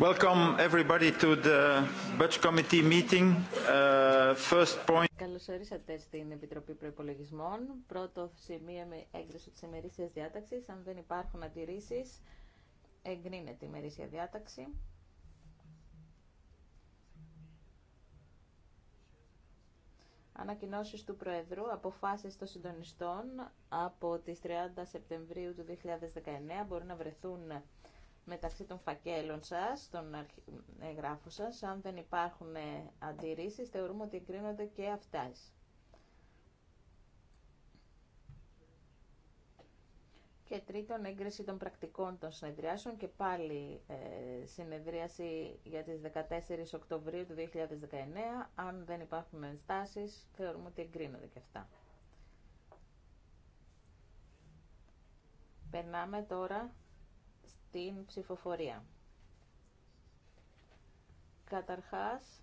Welcome everybody to the Budget Committee meeting. Uh, first point. Καλώς ορίσατε στην Επιτροπή Προϋπολογισμών. Πρώτο σημείο με έγκριση της ημερήσιας διάταξης. Αν δεν υπάρχουν αντιρρήσεις, εγκρίνεται η ημερήσια διάταξη. Ανακοινώσεις του Προεδρού, αποφάσεις των συντονιστών από τις 30 Σεπτεμβρίου του 2019 μπορούν να βρεθούν μεταξύ των φακέλων σας, των εγγράφων σας. Αν δεν υπάρχουν ε, αντιρρήσεις, θεωρούμε ότι εγκρίνονται και αυτές. Και τρίτον, έγκριση των πρακτικών των συνεδριάσεων και πάλι ε, συνεδρίαση για τις 14 Οκτωβρίου του 2019. Αν δεν υπάρχουν ενστάσεις, θεωρούμε ότι εγκρίνονται και αυτά. Περνάμε τώρα την ψηφοφορία. Καταρχάς,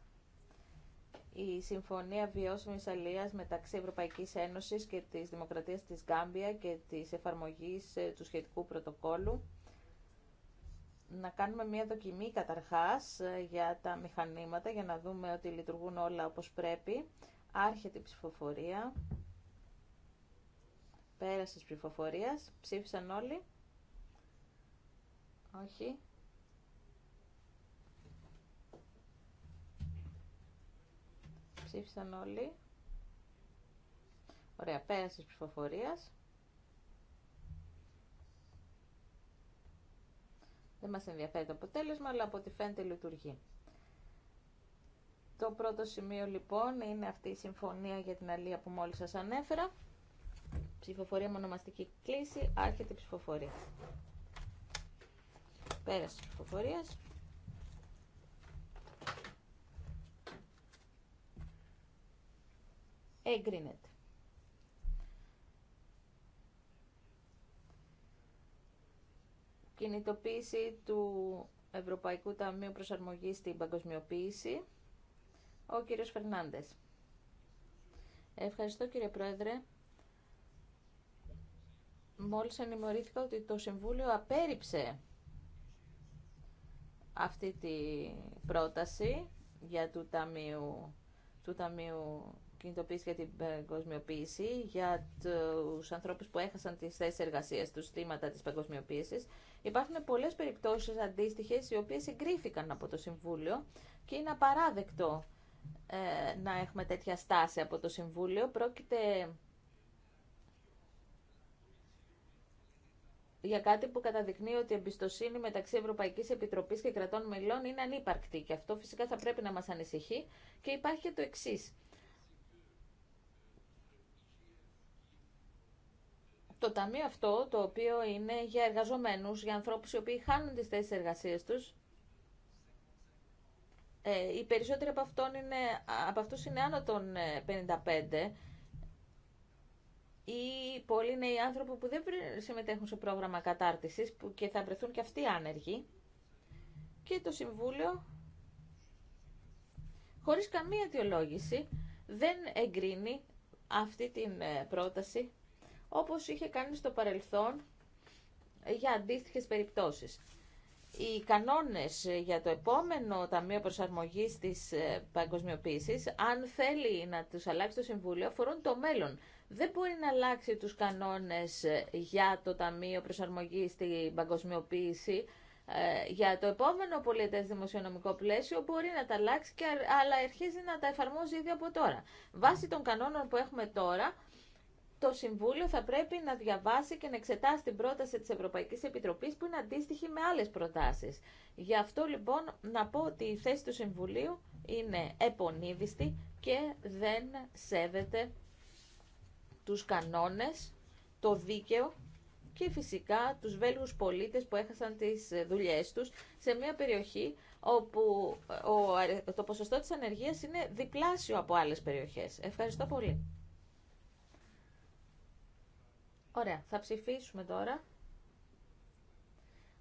η Συμφωνία Βιώσιμης Αλίας μεταξύ Ευρωπαϊκής Ένωσης και της Δημοκρατίας της Γκάμπια και της εφαρμογής ε, του σχετικού πρωτοκόλου. Να κάνουμε μια δοκιμή καταρχάς ε, για τα μηχανήματα, για να δούμε ότι λειτουργούν όλα όπως πρέπει. Άρχεται η ψηφοφορία. Πέρασε της ψηφοφορίας. Ψήφισαν όλοι. Όχι. Ψήφισαν όλοι. Ωραία, πέρασε τη ψηφοφορία. Δεν μας ενδιαφέρει το αποτέλεσμα, αλλά από ό,τι φαίνεται λειτουργεί. Το πρώτο σημείο λοιπόν είναι αυτή η συμφωνία για την αλία που μόλις σας ανέφερα. Ψηφοφορία μονομαστική κλίση, άρχεται η ψηφοφορία. Πέρας της ψηφοφορίας. Εγκρίνεται. Κινητοποίηση του Ευρωπαϊκού Ταμείου Προσαρμογής στην Παγκοσμιοποίηση. Ο κύριος Φερνάντες. Ευχαριστώ κύριε Πρόεδρε. Μόλις ενημορήθηκα ότι το Συμβούλιο απέρριψε αυτή τη πρόταση για του Ταμείου, του Κινητοποίηση για την Παγκοσμιοποίηση, για τους ανθρώπους που έχασαν τις θέσεις εργασίας τους, θύματα της παγκοσμιοποίησης. Υπάρχουν πολλές περιπτώσεις αντίστοιχες, οι οποίες εγκρίθηκαν από το Συμβούλιο και είναι απαράδεκτο ε, να έχουμε τέτοια στάση από το Συμβούλιο. Πρόκειται για κάτι που καταδεικνύει ότι η εμπιστοσύνη μεταξύ Ευρωπαϊκής Επιτροπής και κρατών μελών είναι ανύπαρκτη και αυτό φυσικά θα πρέπει να μας ανησυχεί και υπάρχει και το εξή. Το ταμείο αυτό, το οποίο είναι για εργαζομένους, για ανθρώπους οι οποίοι χάνουν τις θέσεις εργασίας τους, ε, οι περισσότεροι από, είναι, αυτούς είναι άνω των 55 ε, ή πολλοί νέοι άνθρωποι που δεν συμμετέχουν σε πρόγραμμα κατάρτισης και θα βρεθούν και αυτοί άνεργοι και το Συμβούλιο χωρίς καμία αιτιολόγηση δεν εγκρίνει αυτή την ε, πρόταση όπως είχε κάνει στο παρελθόν για αντίστοιχες περιπτώσεις. Οι κανόνες για το επόμενο Ταμείο Προσαρμογής της ε, Παγκοσμιοποίησης, αν θέλει να τους αλλάξει το Συμβούλιο, αφορούν το μέλλον δεν μπορεί να αλλάξει τους κανόνες ε, για το Ταμείο Προσαρμογής στην Παγκοσμιοποίηση, ε, για το επόμενο πολιτέ δημοσιονομικό πλαίσιο μπορεί να τα αλλάξει, και, αλλά αρχίζει να τα εφαρμόζει ήδη από τώρα. Βάσει των κανόνων που έχουμε τώρα, το Συμβούλιο θα πρέπει να διαβάσει και να εξετάσει την πρόταση της Ευρωπαϊκής Επιτροπής που είναι αντίστοιχη με άλλες προτάσεις. Γι' αυτό λοιπόν να πω ότι η θέση του Συμβουλίου είναι επονίδιστη και δεν σέβεται τους κανόνες, το δίκαιο και φυσικά τους Βέλγους πολίτες που έχασαν τις ε, δουλειές τους σε μια περιοχή όπου ε, ε, το ποσοστό της ανεργίας είναι διπλάσιο από άλλες περιοχές. Ευχαριστώ πολύ. Ωραία, θα ψηφίσουμε τώρα.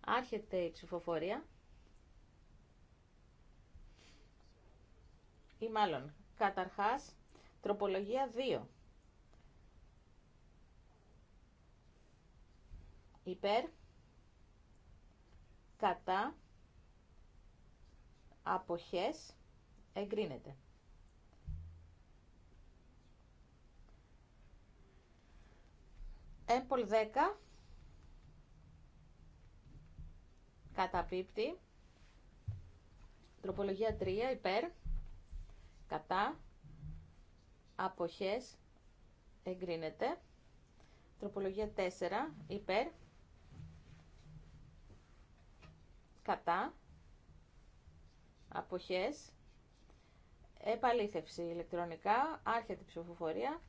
Άρχεται η ψηφοφορία. Ή μάλλον, καταρχάς, τροπολογία 2. υπέρ, κατά, αποχές, εγκρίνεται. Έμπολ 10, καταπίπτει, τροπολογία 3, υπέρ, κατά, αποχές, εγκρίνεται. Τροπολογία 4, υπέρ, κατά, αποχές, επαλήθευση ηλεκτρονικά, άρχεται η ψηφοφορία.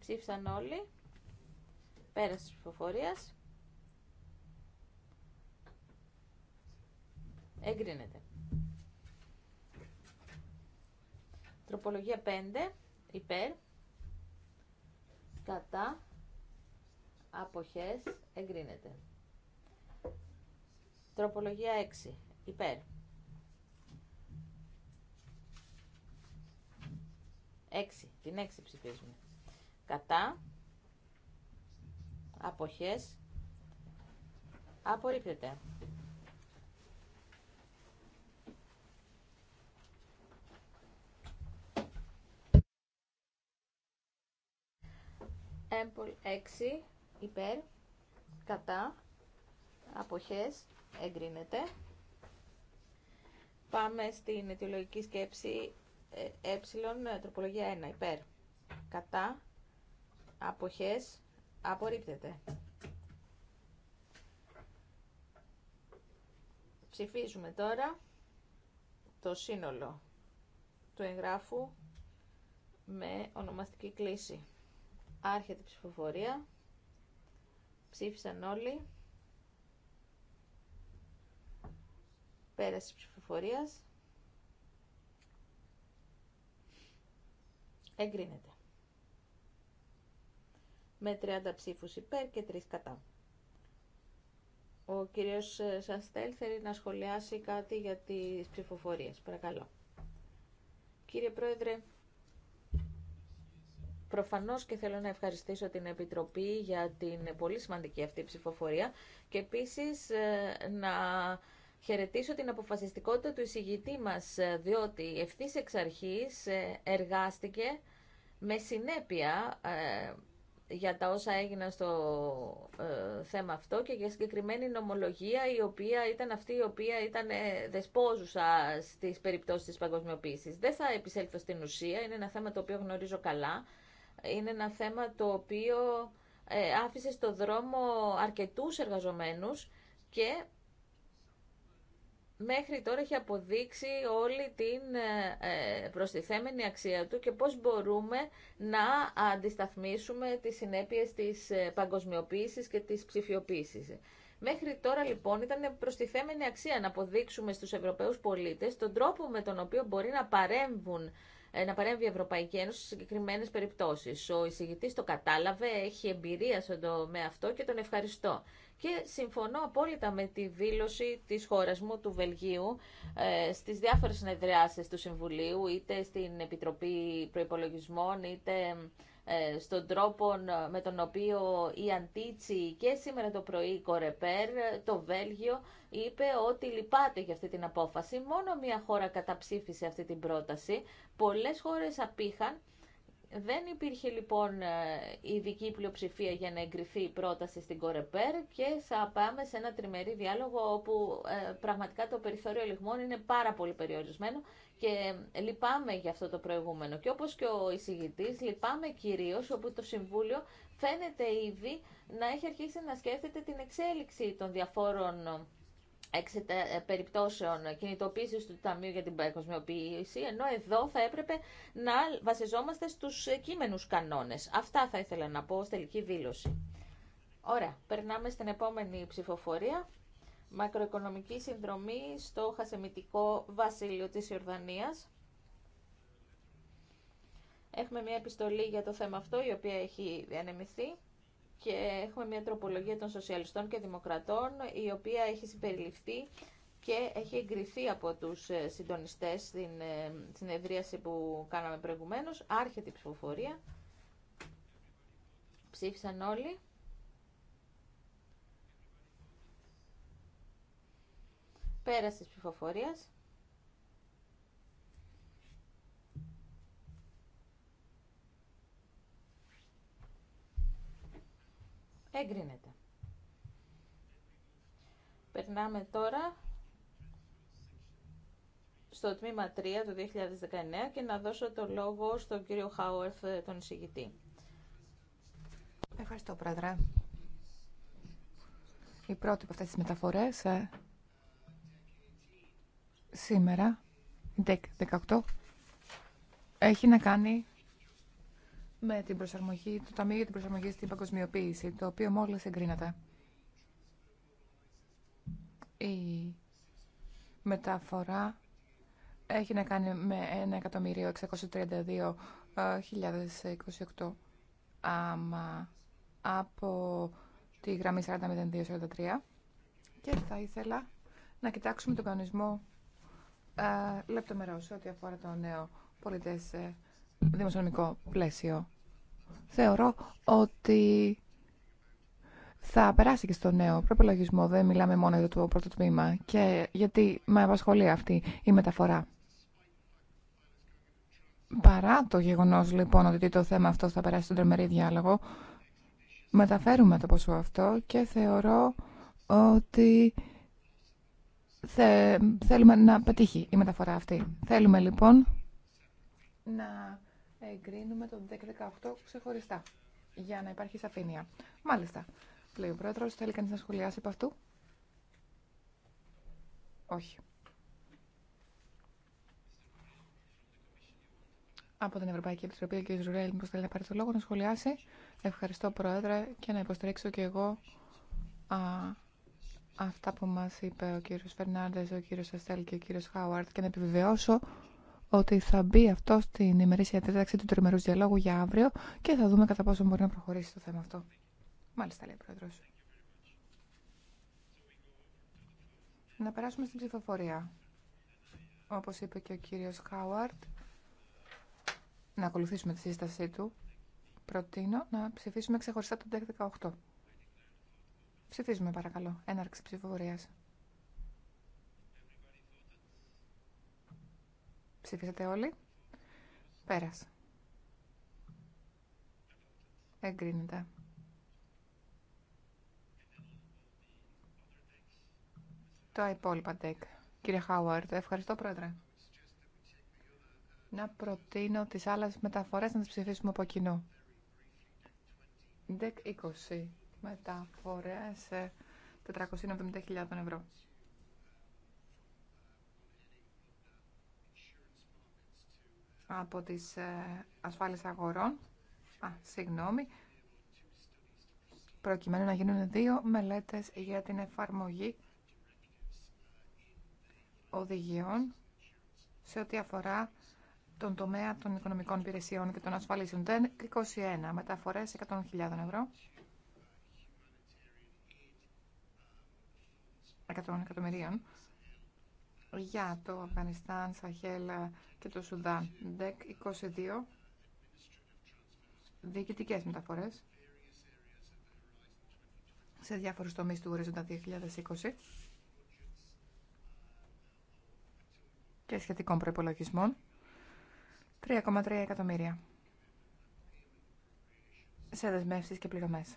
Ψήφισαν όλοι, πέραση της ψηφοφορίας. Εγκρίνεται. Τροπολογία 5, υπέρ, κατά, αποχές, εγκρίνεται. Τροπολογία 6. Υπέρ. 6. Την 6 ψηφίζουμε. Κατά. Αποχές. Απορρίπτεται. Έμπολ 6. Υπέρ. Κατά. Αποχές εγκρίνεται. Πάμε στην αιτιολογική σκέψη ε, ε τροπολογία 1, υπέρ. Κατά, αποχές, απορρίπτεται. Ψηφίζουμε τώρα το σύνολο του εγγράφου με ονομαστική κλίση. Άρχεται η ψηφοφορία. Ψήφισαν όλοι. Πέραση ψηφοφορίας. Εγκρίνεται. Με 30 ψήφους υπέρ και 3 κατά. Ο κύριος ε, Σαστέλ θέλει να σχολιάσει κάτι για τις ψηφοφορίες. Παρακαλώ. Κύριε Πρόεδρε, προφανώς και θέλω να ευχαριστήσω την Επιτροπή για την πολύ σημαντική αυτή ψηφοφορία και επίσης ε, να Χαιρετήσω την αποφασιστικότητα του εισηγητή μας, ε, διότι ευθύς εξ αρχής ε, εργάστηκε με συνέπεια ε, για τα όσα έγιναν στο θέμα αυτό και για συγκεκριμένη νομολογία η οποία ήταν αυτή η οποία ήταν δεσπόζουσα στις περιπτώσεις της παγκοσμιοποίησης. Δεν θα επισέλθω στην ουσία, είναι ένα θέμα το οποίο γνωρίζω καλά. Είναι ένα θέμα το οποίο άφησε στο δρόμο αρκετούς εργαζομένους και μέχρι τώρα έχει αποδείξει όλη την ε, ε, προστιθέμενη αξία του και πώς μπορούμε να αντισταθμίσουμε τις συνέπειες της ε, παγκοσμιοποίησης και της ψηφιοποίησης. Μέχρι τώρα λοιπόν ήταν προστιθέμενη αξία να αποδείξουμε στους Ευρωπαίους πολίτες τον τρόπο με τον οποίο μπορεί να παρέμβουν να παρέμβει η Ευρωπαϊκή Ένωση σε συγκεκριμένε περιπτώσει. Ο εισηγητή το κατάλαβε, έχει εμπειρία στον αυτό και τον ευχαριστώ. Και συμφωνώ απόλυτα με τη δήλωση της χώρας μου, του Βελγίου, ε, στις διάφορες συνεδριάσεις του Συμβουλίου, είτε στην Επιτροπή Προϋπολογισμών, είτε ε, στον τρόπο ε, με τον οποίο η Αντίτσι και σήμερα το πρωί η Κορεπέρ, το Βέλγιο, είπε ότι λυπάται για αυτή την απόφαση. Μόνο μία χώρα καταψήφισε αυτή την πρόταση. Πολλές χώρες απήχαν δεν υπήρχε λοιπόν ε, ειδική πλειοψηφία για να εγκριθεί η πρόταση στην Κορεπέρ και θα πάμε σε ένα τριμερή διάλογο όπου ε, πραγματικά το περιθώριο λιγμών είναι πάρα πολύ περιορισμένο και λυπάμαι για αυτό το προηγούμενο. Και όπως και ο εισηγητής, λυπάμαι κυρίως όπου το Συμβούλιο φαίνεται ήδη να έχει αρχίσει να σκέφτεται την εξέλιξη των διαφόρων εξετε, ε, περιπτώσεων κινητοποίηση του Ταμείου για την Παγκοσμιοποίηση, ενώ εδώ θα έπρεπε να βασιζόμαστε στους κείμενους κανόνε. Αυτά θα ήθελα να πω ω τελική δήλωση. Ωραία, περνάμε στην επόμενη ψηφοφορία. Μακροοικονομική συνδρομή στο χασεμητικό βασίλειο της Ιορδανίας. Έχουμε μια επιστολή για το θέμα αυτό, η οποία έχει διανεμηθεί και έχουμε μια τροπολογία των σοσιαλιστών και δημοκρατών η οποία έχει συμπεριληφθεί και έχει εγκριθεί από τους ε, συντονιστές στην ε, συνεδρίαση που κάναμε προηγουμένως. Άρχεται η ψηφοφορία. Ψήφισαν όλοι. Πέρασε της ψηφοφορίας. Εγκρίνεται. Περνάμε τώρα στο τμήμα 3 του 2019 και να δώσω το λόγο στον κύριο Χάουερθ, τον εισηγητή. Ευχαριστώ, Πρόεδρε. Η πρώτη από αυτές τις μεταφορές ε, σήμερα, 18, έχει να κάνει με την προσαρμογή, το Ταμείο για την Προσαρμογή στην Παγκοσμιοποίηση, το οποίο μόλις εγκρίνεται. Η μεταφορά έχει να κάνει με 1.632.028 ε, άμα από τη γραμμή 40.0243 και θα ήθελα να κοιτάξουμε τον κανονισμό ε, λεπτομερώς ό,τι αφορά το νέο πολιτές ε, δημοσιονομικό πλαίσιο θεωρώ ότι θα περάσει και στο νέο προπολογισμό. Δεν μιλάμε μόνο για το πρώτο τμήμα. Και γιατί με απασχολεί αυτή η μεταφορά. Παρά το γεγονός λοιπόν ότι το θέμα αυτό θα περάσει στον τρομερή διάλογο, μεταφέρουμε το ποσό αυτό και θεωρώ ότι θέλουμε να πετύχει η μεταφορά αυτή. Θέλουμε λοιπόν να εγκρίνουμε το 10-18 ξεχωριστά. Για να υπάρχει σαφήνεια. Μάλιστα. Λέει ο πρόεδρο, θέλει κανεί να σχολιάσει από αυτού. Όχι. Από την Ευρωπαϊκή Επιτροπή, ο κ. Ζουρέλ, μήπω θέλει να πάρει το λόγο να σχολιάσει. Ευχαριστώ, Πρόεδρε, και να υποστηρίξω και εγώ α, αυτά που μα είπε ο κ. Φερνάνδε, ο κ. Αστέλ και ο κ. Χάουαρτ και να επιβεβαιώσω ότι θα μπει αυτό στην ημερήσια τέταξη του τριμερού διαλόγου για αύριο και θα δούμε κατά πόσο μπορεί να προχωρήσει το θέμα αυτό. Μάλιστα, λέει ο Πρόεδρο. Να περάσουμε στην ψηφοφορία. Όπω είπε και ο κύριο Χάουαρτ, να ακολουθήσουμε τη σύστασή του. Προτείνω να ψηφίσουμε ξεχωριστά το ΤΕΚ Ψηφίζουμε, παρακαλώ. Έναρξη ψηφοφορία. Ψηφίσατε όλοι. Πέρασε. Εγκρίνεται. Το υπόλοιπα τεκ. Κύριε Χάουαρτ, ευχαριστώ πρόεδρε. Να προτείνω τις άλλες μεταφορές να τις ψηφίσουμε από κοινού. Δεκ 20 μεταφορές 470.000 ε, ευρώ. από τις ε, ασφάλειες αγορών. Α, συγγνώμη. Προκειμένου να γίνουν δύο μελέτες για την εφαρμογή οδηγιών σε ό,τι αφορά τον τομέα των οικονομικών υπηρεσιών και των ασφαλίσεων. Δεν 21 μεταφορές 100.000 ευρώ. 100 εκατομμυρίων για το Αφγανιστάν, Σαχέλ και το Σουδάν. ΔΕΚ 22. Διοικητικές μεταφορές σε διάφορους τομείς του ορίζοντα 2020 και σχετικών προϋπολογισμών. 3,3 εκατομμύρια σε δεσμεύσεις και πληρωμές.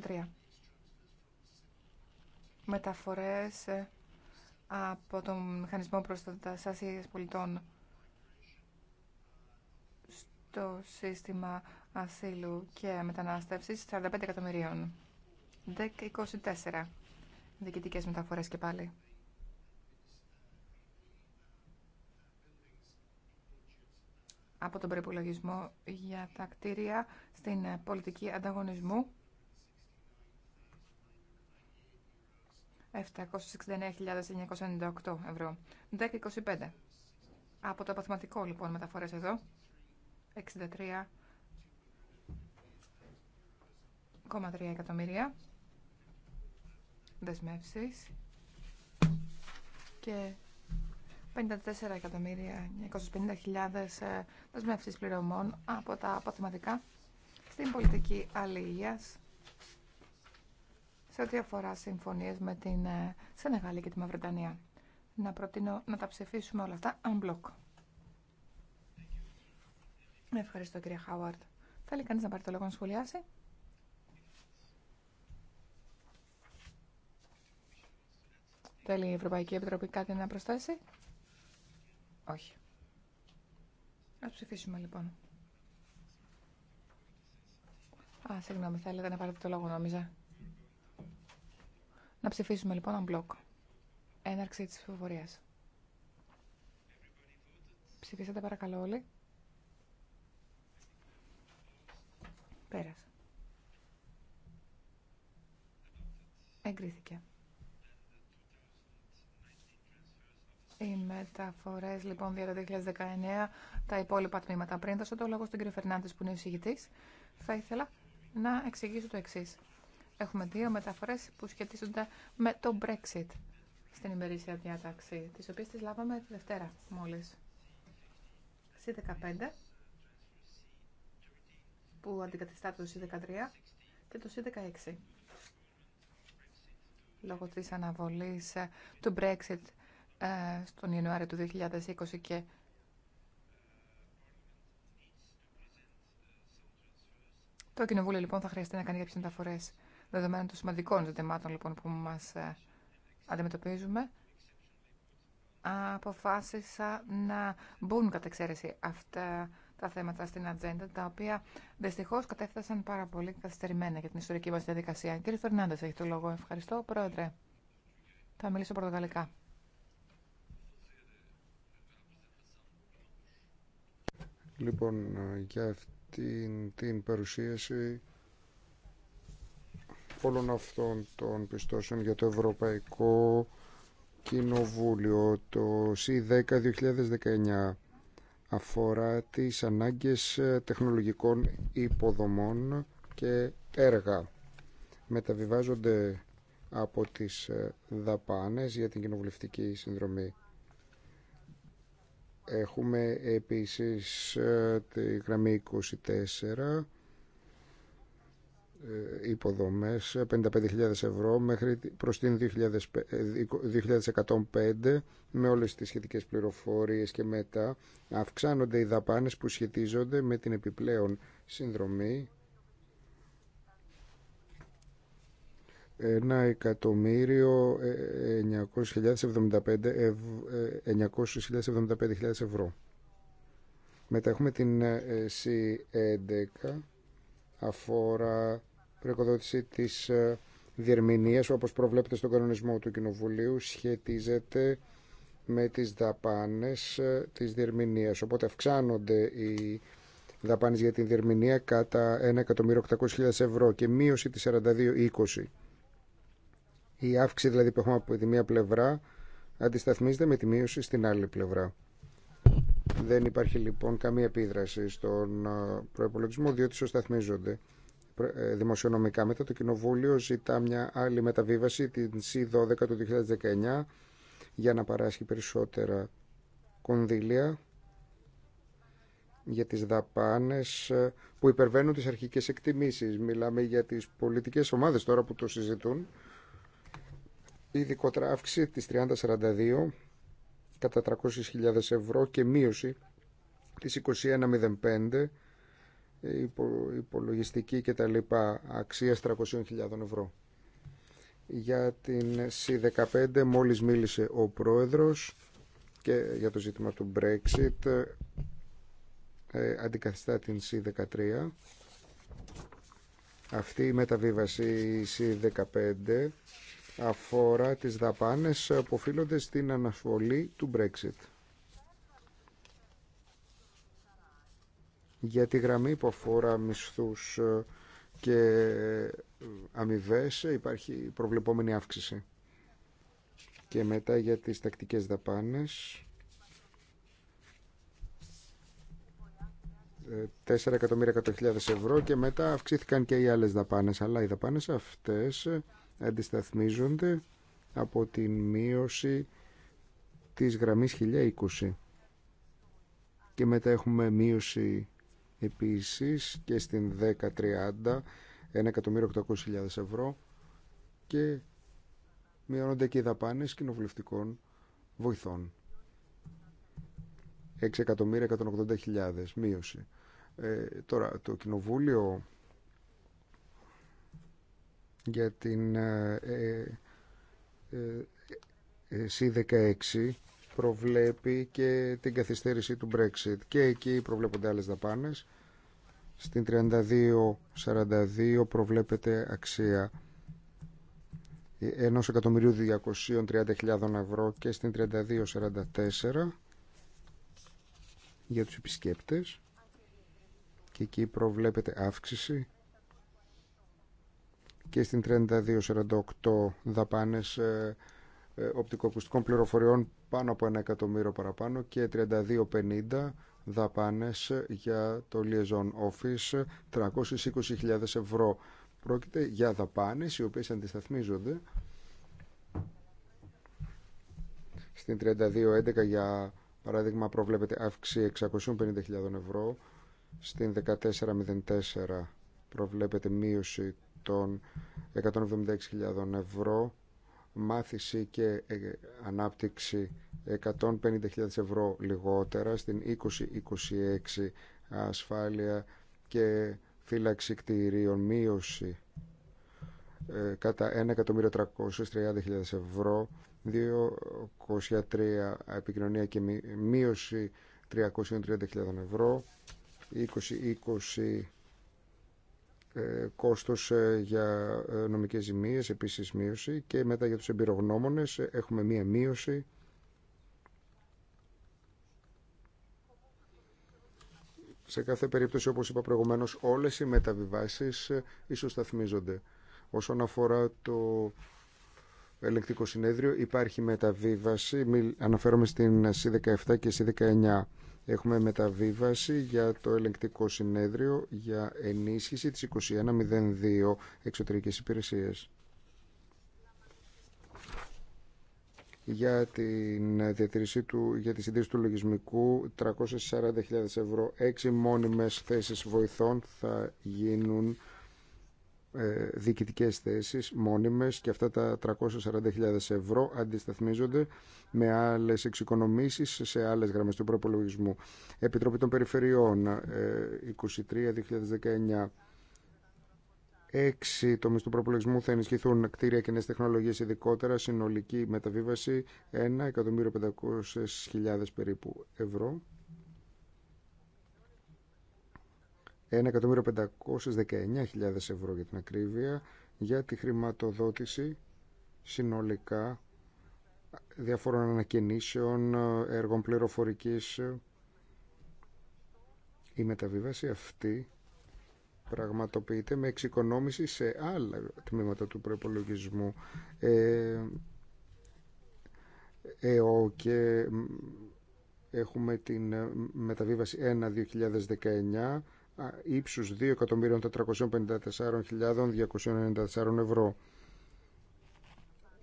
10-23 μεταφορές ε, από τον Μηχανισμό Προστασίας Πολιτών στο σύστημα ασύλου και μετανάστευσης 45 εκατομμυρίων. 10-24 διοικητικές μεταφορές και πάλι. Από τον προπολογισμό για τα κτίρια στην πολιτική ανταγωνισμού 769.998 ευρώ. 10,25. Από το παθηματικό λοιπόν μεταφορές εδώ. 63,3 εκατομμύρια. Δεσμεύσεις. Και 54 εκατομμύρια 950.000 ε, δεσμεύσεις πληρωμών από τα παθηματικά στην πολιτική αλληλείας σε ό,τι αφορά συμφωνίε με την ε, Σενεγάλη και τη Μαυρετανία. Να προτείνω να τα ψηφίσουμε όλα αυτά μπλοκ. Ευχαριστώ κύριε Χάουαρτ. Θέλει κανείς να πάρει το λόγο να σχολιάσει. Θέλει η Ευρωπαϊκή Επιτροπή κάτι να προσθέσει. Όχι. Ας ψηφίσουμε λοιπόν. Α, συγγνώμη, θέλετε να πάρετε το λόγο, νόμιζα. Να ψηφίσουμε λοιπόν ένα μπλοκ. Έναρξη της ψηφοφορίας. Ψηφίσατε παρακαλώ όλοι. Πέρασε. Εγκρίθηκε. Οι μεταφορέ λοιπόν για το 2019, τα υπόλοιπα τμήματα. Πριν δώσω το λόγο στον κύριο Φερνάνδη που είναι ο εισηγητή, θα ήθελα να εξηγήσω το εξή. Έχουμε δύο μεταφορές που σχετίζονται με το Brexit στην ημερήσια διάταξη, τις οποίες τις λάβαμε τη Δευτέρα μόλις. C15 που αντικαθιστά το C13 και το C16 λόγω της αναβολής ε, του Brexit ε, στον Ιανουάριο του 2020 και το Κοινοβούλιο λοιπόν θα χρειαστεί να κάνει κάποιε μεταφορέ δεδομένων των σημαντικών ζητημάτων λοιπόν, που μας ε, αντιμετωπίζουμε, αποφάσισα να μπουν κατά εξαίρεση αυτά τα θέματα στην ατζέντα, τα οποία δυστυχώ κατέφτασαν πάρα πολύ καθυστερημένα για την ιστορική μα διαδικασία. Κύριε Φερνάνδε, έχει το λόγο. Ευχαριστώ, Πρόεδρε. Θα μιλήσω πορτογαλικά. Λοιπόν, ε, για αυτή την παρουσίαση όλων αυτών των πιστώσεων για το Ευρωπαϊκό Κοινοβούλιο. Το C10 2019 αφορά τις ανάγκες τεχνολογικών υποδομών και έργα. Μεταβιβάζονται από τις δαπάνες για την κοινοβουλευτική συνδρομή. Έχουμε επίσης ε, τη γραμμή 24 ε, υποδομές 55.000 ε, ευρώ μέχρι προς την 2.105 ε, με όλες τις σχετικές πληροφορίες και μετά αυξάνονται οι δαπάνες που σχετίζονται με την επιπλέον συνδρομή 1.975.000 ευρώ. Μετά έχουμε την C11 αφορά προεκοδότηση της ε, διερμηνίας όπως προβλέπεται στον κανονισμό του Κοινοβουλίου σχετίζεται με τις δαπάνες ε, της διερμηνίας. Οπότε αυξάνονται οι δαπάνες για την διερμηνία κατά 1.800.000 ευρώ και μείωση της 42.20. Η αύξηση δηλαδή που έχουμε από τη μία πλευρά αντισταθμίζεται με τη μείωση στην άλλη πλευρά. Δεν υπάρχει λοιπόν καμία επίδραση στον ε, προπολογισμό διότι σωσταθμίζονται ε, δημοσιονομικά. Μετά το Κοινοβούλιο ζητά μια άλλη μεταβίβαση, την C12 του 2019, για να παράσχει περισσότερα κονδύλια για τις δαπάνες ε, που υπερβαίνουν τις αρχικές εκτιμήσεις. Μιλάμε για τις πολιτικές ομάδες τώρα που το συζητούν. Ειδικότερα αύξηση της 3042 κατά 300.000 ευρώ και μείωση της 2105 υπολογιστική και τα λοιπά αξίας 300.000 ευρώ. Για την C15 μόλις μίλησε ο πρόεδρος και για το ζήτημα του Brexit ε, αντικαθιστά την C13 αυτή η μεταβίβαση C15 αφορά τις δαπάνες που οφείλονται στην αναβολή του Brexit. Για τη γραμμή που αφορά μισθούς ε, και ε, αμοιβέ ε, υπάρχει προβλεπόμενη αύξηση. Και μετά για τις τακτικές δαπάνες 4.100.000 ευρώ και μετά αυξήθηκαν και οι άλλες δαπάνες αλλά οι δαπάνες αυτές αντισταθμίζονται από τη μείωση της γραμμής 1020 και μετά έχουμε μείωση επίσης και στην 1030 1.800.000 ευρώ και μειώνονται και οι δαπάνες κοινοβουλευτικών βοηθών 6.180.000 μείωση ε, τώρα το κοινοβούλιο για την ε, ε, ε, C16 προβλέπει και την καθυστέρηση του Brexit και εκεί προβλέπονται άλλες δαπάνες στην 32-42 προβλέπεται αξία ενό εκατομμυρίου 230.000 ευρώ και στην 32-44 για τους επισκέπτες και εκεί προβλέπεται αύξηση και στην 3248 δαπάνες ε, ε, οπτικοακουστικών πληροφοριών πάνω από ένα εκατομμύριο παραπάνω και 3250 δαπάνες για το Liaison Office 320.000 ευρώ. Πρόκειται για δαπάνες οι οποίες αντισταθμίζονται στην 3211 για παράδειγμα προβλέπεται αύξηση 650.000 ευρώ στην 1404 προβλέπεται μείωση των 176.000 ευρώ, μάθηση και ε, ανάπτυξη 150.000 ευρώ λιγότερα, στην 2026 ασφάλεια και φύλαξη κτηρίων, μείωση ε, κατά 1.330.000 ευρώ, 203 επικοινωνία και μείωση 330.000 ευρώ, 2020 ε, κόστος ε, για ε, νομικές ζημίες, επίσης μείωση και μετά για τους εμπειρογνώμονες έχουμε μία μείωση. Σε κάθε περίπτωση, όπως είπα προηγουμένως, όλες οι μεταβιβάσεις ίσως σταθμίζονται. Όσον αφορά το ελεκτικό συνέδριο, υπάρχει μεταβίβαση, αναφέρομαι στην C17 και C19 Έχουμε μεταβίβαση για το ελεγκτικό συνέδριο για ενίσχυση της 2102 εξωτερικές υπηρεσίες. για, την διατηρησή του, για τη συντήρηση του λογισμικού 340.000 ευρώ. Έξι μόνιμες θέσεις βοηθών θα γίνουν ε, διοικητικές θέσεις μόνιμες και αυτά τα 340.000 ευρώ αντισταθμίζονται με άλλες εξοικονομήσεις σε άλλες γραμμές του προπολογισμού. Επιτροπή των Περιφερειών 23-2019 ε, Έξι τομεί του προπολογισμού θα ενισχυθούν κτίρια και νέες τεχνολογίε, ειδικότερα συνολική μεταβίβαση 1.500.000 περίπου ευρώ. 1.519.000 ευρώ για την ακρίβεια για τη χρηματοδότηση συνολικά διαφόρων ανακαινήσεων, έργων πληροφορικής. Η μεταβίβαση αυτή πραγματοποιείται με εξοικονόμηση σε άλλα τμήματα του προπολογισμού ε, ΕΟ και έχουμε την μεταβίβαση 1-2019 ύψους 2.454.294 ευρώ.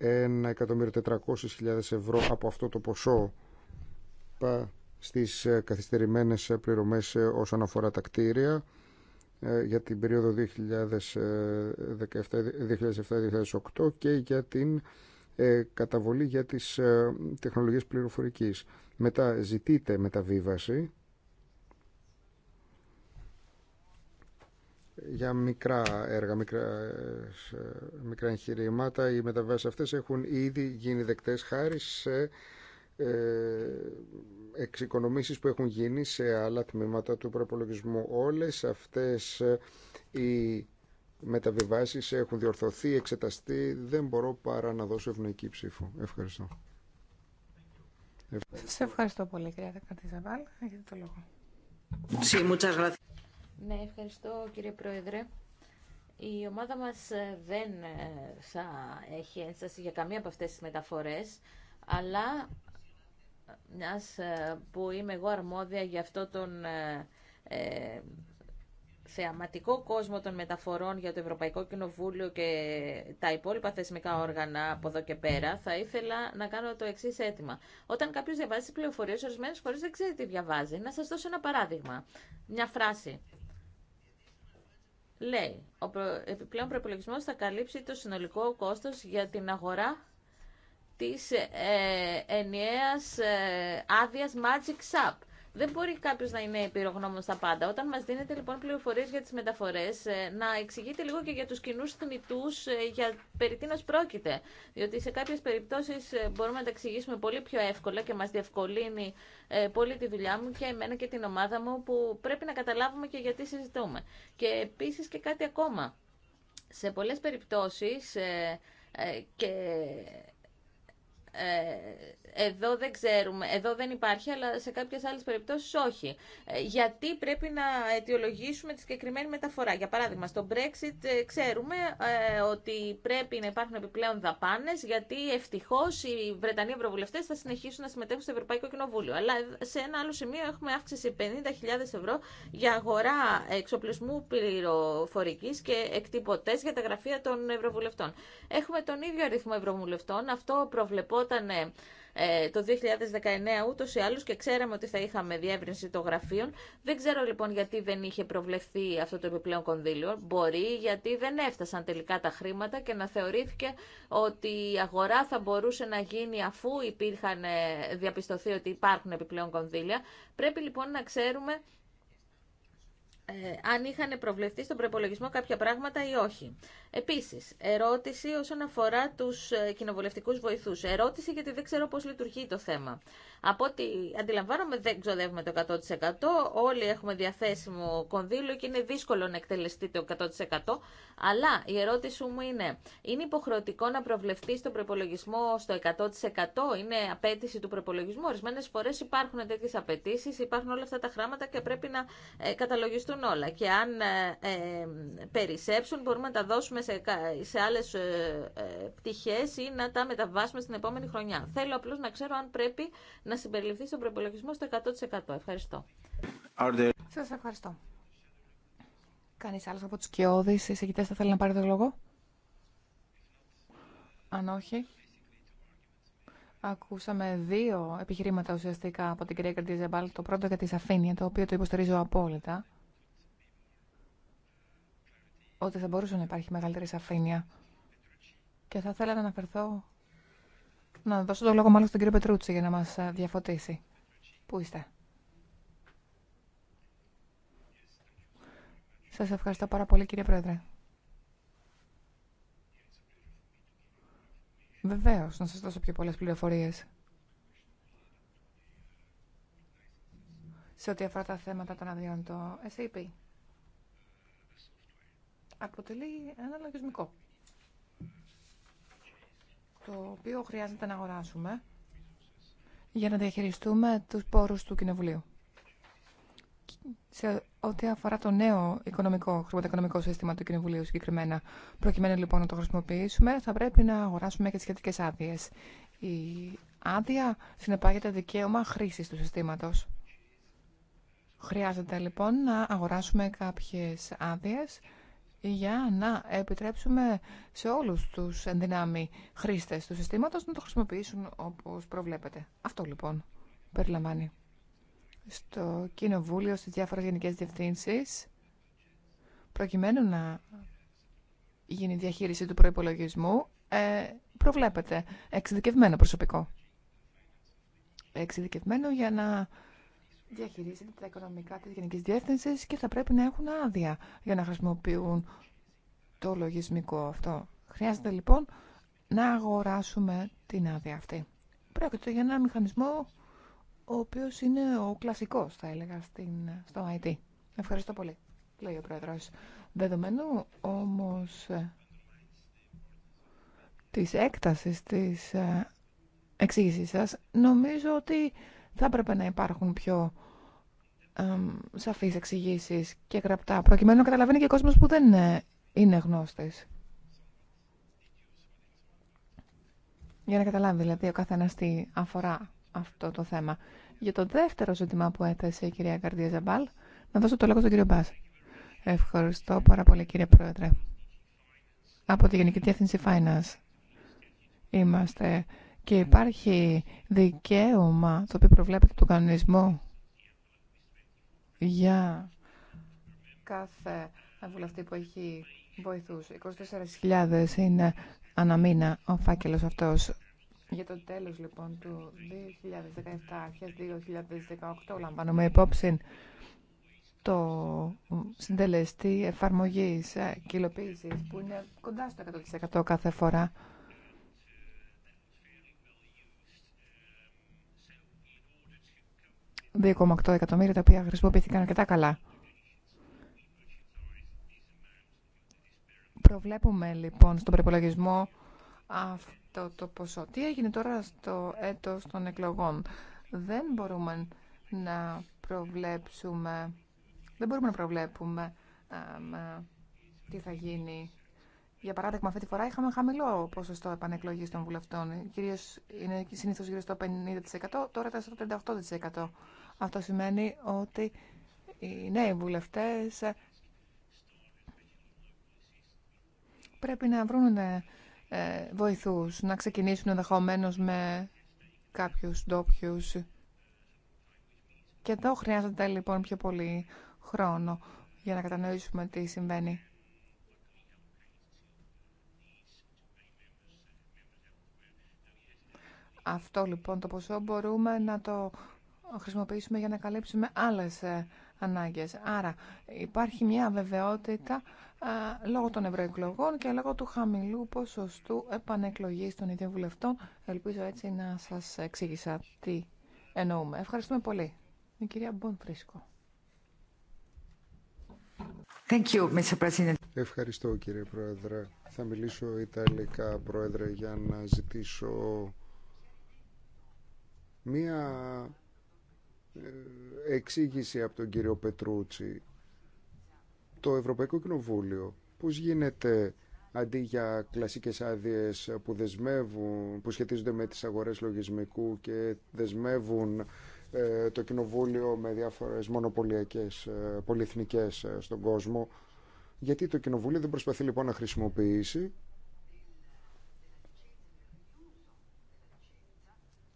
1.400.000 ευρώ από αυτό το ποσό στις ε, καθυστερημένες πληρωμές ε, όσον αφορά τα κτίρια ε, για την περίοδο 2007-2008 και για την καταβολή για τις τεχνολογίες πληροφορικής. Μετά ζητείτε μεταβίβαση για μικρά έργα, μικρά, ε, μικρά εγχειρήματα. Οι μεταβάσεις αυτές έχουν ήδη γίνει δεκτές χάρη σε ε, εξοικονομήσεις που έχουν γίνει σε άλλα τμήματα του προπολογισμού. Όλες αυτές ε, οι μεταβιβάσεις έχουν διορθωθεί, εξεταστεί. Δεν μπορώ παρά να δώσω ευνοϊκή ψήφο. Ευχαριστώ. Σε ευχαριστώ πολύ, κυρία Καρτιζαβάλ, το λόγο. Ναι, ευχαριστώ κύριε Πρόεδρε. Η ομάδα μας ε, δεν ε, θα έχει ένσταση για καμία από αυτές τις μεταφορές, αλλά μιας ε, που είμαι εγώ αρμόδια για αυτό τον θεαματικό κόσμο των μεταφορών για το Ευρωπαϊκό Κοινοβούλιο και τα υπόλοιπα θεσμικά όργανα από εδώ και πέρα, θα ήθελα να κάνω το εξή αίτημα. Όταν κάποιο διαβάζει τι πληροφορίε, ορισμένε φορέ δεν ξέρει τι διαβάζει. Να σα δώσω ένα παράδειγμα. Μια φράση λέει ο επιπλέον προπολογισμό θα καλύψει το συνολικό κόστος για την αγορά της ε, ε ενιαίας ε, άδειας Magic Shop. Δεν μπορεί κάποιο να είναι πυρογνώμων στα πάντα. Όταν μα δίνετε λοιπόν πληροφορίε για τι μεταφορέ, ε, να εξηγείτε λίγο και για του κοινού θνητού ε, για περί τίνο πρόκειται. Διότι σε κάποιε περιπτώσει ε, μπορούμε να τα εξηγήσουμε πολύ πιο εύκολα και μα διευκολύνει πολύ τη δουλειά μου και εμένα και την ομάδα μου που πρέπει να καταλάβουμε και γιατί συζητούμε. Και επίση και κάτι ακόμα. Σε πολλέ περιπτώσει και ε, εδώ δεν ξέρουμε, εδώ δεν υπάρχει, αλλά σε κάποιε άλλε περιπτώσει όχι. Ε, γιατί πρέπει να αιτιολογήσουμε τη συγκεκριμένη μεταφορά. Για παράδειγμα, στο Brexit ε, ξέρουμε ότι πρέπει να υπάρχουν επιπλέον δαπάνε γιατί ευτυχώ οι Βρετανοί Ευρωβουλευτέ θα συνεχίσουν να συμμετέχουν στο Ευρωπαϊκό Κοινοβούλιο. Αλλά σε ένα άλλο σημείο έχουμε αύξηση 50.000 ευρώ για αγορά εξοπλισμού πληροφορική και εκτυπωτέ για τα γραφεία των ευρωβουλευτών. Έχουμε τον ίδιο αριθμό ευρωβουλευτών, αυτό προβλεπό ε, το 2019 ούτως ή άλλως και ξέραμε ότι θα είχαμε διεύρυνση των γραφείων. Δεν ξέρω λοιπόν γιατί δεν είχε προβλεφθεί αυτό το επιπλέον κονδύλιο. Μπορεί γιατί δεν έφτασαν τελικά τα χρήματα και να θεωρήθηκε ότι η αγορά θα μπορούσε να γίνει αφού υπήρχαν, διαπιστωθεί ότι υπάρχουν επιπλέον κονδύλια. Πρέπει λοιπόν να ξέρουμε ε, αν είχαν προβλεφτεί στον προπολογισμό κάποια πράγματα ή όχι. Επίση, ερώτηση όσον αφορά τους ε, κοινοβουλευτικούς βοηθού. Ερώτηση γιατί δεν ξέρω πώ λειτουργεί το θέμα. Από ό,τι αντιλαμβάνομαι δεν ξοδεύουμε το 100%. Όλοι έχουμε διαθέσιμο κονδύλο και είναι δύσκολο να εκτελεστεί το 100%. Αλλά η ερώτησή μου είναι, είναι υποχρεωτικό να προβλεφθεί στον προπολογισμό στο 100%? Είναι απέτηση του προπολογισμού. Ορισμένε φορέ υπάρχουν τέτοιε απαιτήσει, υπάρχουν όλα αυτά τα χρήματα και πρέπει να ε, καταλογιστούν όλα. Και αν ε, ε, περισσέψουν μπορούμε να τα δώσουμε σε, σε άλλε ε, ε πτυχέ ή να τα μεταβάσουμε στην επόμενη χρονιά. Θέλω απλώ να ξέρω αν πρέπει να συμπεριληφθεί στον προπολογισμό στο 100%. Ευχαριστώ. Σα ευχαριστώ. Κανεί άλλο από του κοιόδη εισηγητέ θα θέλει να πάρει το λόγο. Αν όχι. Ακούσαμε δύο επιχειρήματα ουσιαστικά από την κυρία μπαλ. Το πρώτο για τη σαφήνεια, το οποίο το υποστηρίζω απόλυτα. Ότι θα μπορούσε να υπάρχει μεγαλύτερη σαφήνεια. Και θα ήθελα να αναφερθώ να δώσω το λόγο μάλλον στον κύριο Πετρούτση για να μας ε, διαφωτίσει. Πού είστε. Σας ευχαριστώ πάρα πολύ κύριε Πρόεδρε. Βεβαίω, να σας δώσω πιο πολλές πληροφορίες. Σε ό,τι αφορά τα θέματα των αδειών, το SAP αποτελεί ένα λογισμικό το οποίο χρειάζεται να αγοράσουμε για να διαχειριστούμε τους πόρους του Κοινοβουλίου. Σε ό,τι αφορά το νέο οικονομικό, χρηματοοικονομικό σύστημα του Κοινοβουλίου συγκεκριμένα, προκειμένου λοιπόν να το χρησιμοποιήσουμε, θα πρέπει να αγοράσουμε και τις σχετικές άδειε. Η άδεια συνεπάγεται δικαίωμα χρήσης του συστήματος. Χρειάζεται λοιπόν να αγοράσουμε κάποιες άδειες για να επιτρέψουμε σε όλους τους ενδυνάμει χρήστες του συστήματος να το χρησιμοποιήσουν όπως προβλέπετε. Αυτό λοιπόν περιλαμβάνει στο Κοινοβούλιο, στις διάφορες γενικές διευθύνσεις, προκειμένου να γίνει διαχείριση του προϋπολογισμού, ε, προβλέπεται εξειδικευμένο προσωπικό. Εξειδικευμένο για να διαχειρίζεται τα οικονομικά της Γενικής Διεύθυνσης και θα πρέπει να έχουν άδεια για να χρησιμοποιούν το λογισμικό αυτό. Χρειάζεται λοιπόν να αγοράσουμε την άδεια αυτή. Πρόκειται για ένα μηχανισμό ο οποίος είναι ο κλασικός, θα έλεγα, στην, στο IT. Ευχαριστώ πολύ, λέει ο Πρόεδρος. Δεδομένου όμως της έκτασης της ε, εξήγησής σας, νομίζω ότι θα έπρεπε να υπάρχουν πιο σαφείς εξηγήσει και γραπτά, προκειμένου να καταλαβαίνει και ο κόσμος που δεν ε, είναι γνώστης. Για να καταλάβει δηλαδή ο καθένας τι αφορά αυτό το θέμα. Για το δεύτερο ζήτημα που έθεσε η κυρία Καρδία Ζαμπάλ, να δώσω το λόγο στον κύριο Μπάς. Ευχαριστώ πάρα πολύ κύριε Πρόεδρε. Από τη Γενική Διεύθυνση Finance είμαστε και υπάρχει δικαίωμα το οποίο προβλέπεται του κανονισμό για κάθε βουλευτή που έχει βοηθούς. 24.000 είναι αναμήνα ο φάκελος αυτός. Για το τέλος λοιπόν του 2017, αρχές 2018, λαμβάνουμε υπόψη το συντελεστή εφαρμογής, υλοποίηση ε, που είναι κοντά στο 100% κάθε φορά. 2,8 εκατομμύρια τα οποία χρησιμοποιήθηκαν αρκετά καλά. Προβλέπουμε λοιπόν στον προπολογισμό αυτό το ποσό. Τι έγινε τώρα στο έτος των εκλογών. Δεν μπορούμε να προβλέψουμε, δεν μπορούμε να προβλέπουμε τι θα γίνει. Για παράδειγμα, αυτή τη φορά είχαμε χαμηλό ποσοστό επανεκλογής των βουλευτών. Κυρίως είναι συνήθως γύρω στο 50%, τώρα ήταν στο 38%. Αυτό σημαίνει ότι οι νέοι βουλευτές πρέπει να βρουν ε, βοηθούς, να ξεκινήσουν ενδεχομένω με κάποιους ντόπιου. Και εδώ χρειάζεται λοιπόν πιο πολύ χρόνο για να κατανοήσουμε τι συμβαίνει. Αυτό λοιπόν το ποσό μπορούμε να το χρησιμοποιήσουμε για να καλύψουμε άλλες ε, ανάγκες. Άρα υπάρχει μια βεβαιότητα ε, λόγω των ευρωεκλογών και λόγω του χαμηλού ποσοστού επανεκλογής των ίδιων βουλευτών. Ελπίζω έτσι να σας εξήγησα τι εννοούμε. Ευχαριστούμε πολύ. Η κυρία Μπονφρίσκο. Thank you, Mr. President. Ευχαριστώ κύριε Πρόεδρε. Θα μιλήσω Ιταλικά Πρόεδρε για να ζητήσω μία ε, εξήγηση από τον κύριο Πετρούτσι. Το Ευρωπαϊκό Κοινοβούλιο πώς γίνεται αντί για κλασικές άδειες που δεσμεύουν, που σχετίζονται με τις αγορές λογισμικού και δεσμεύουν ε, το Κοινοβούλιο με διάφορες μονοπωλιακές, ε, πολυεθνικές στον κόσμο. Γιατί το Κοινοβούλιο δεν προσπαθεί λοιπόν να χρησιμοποιήσει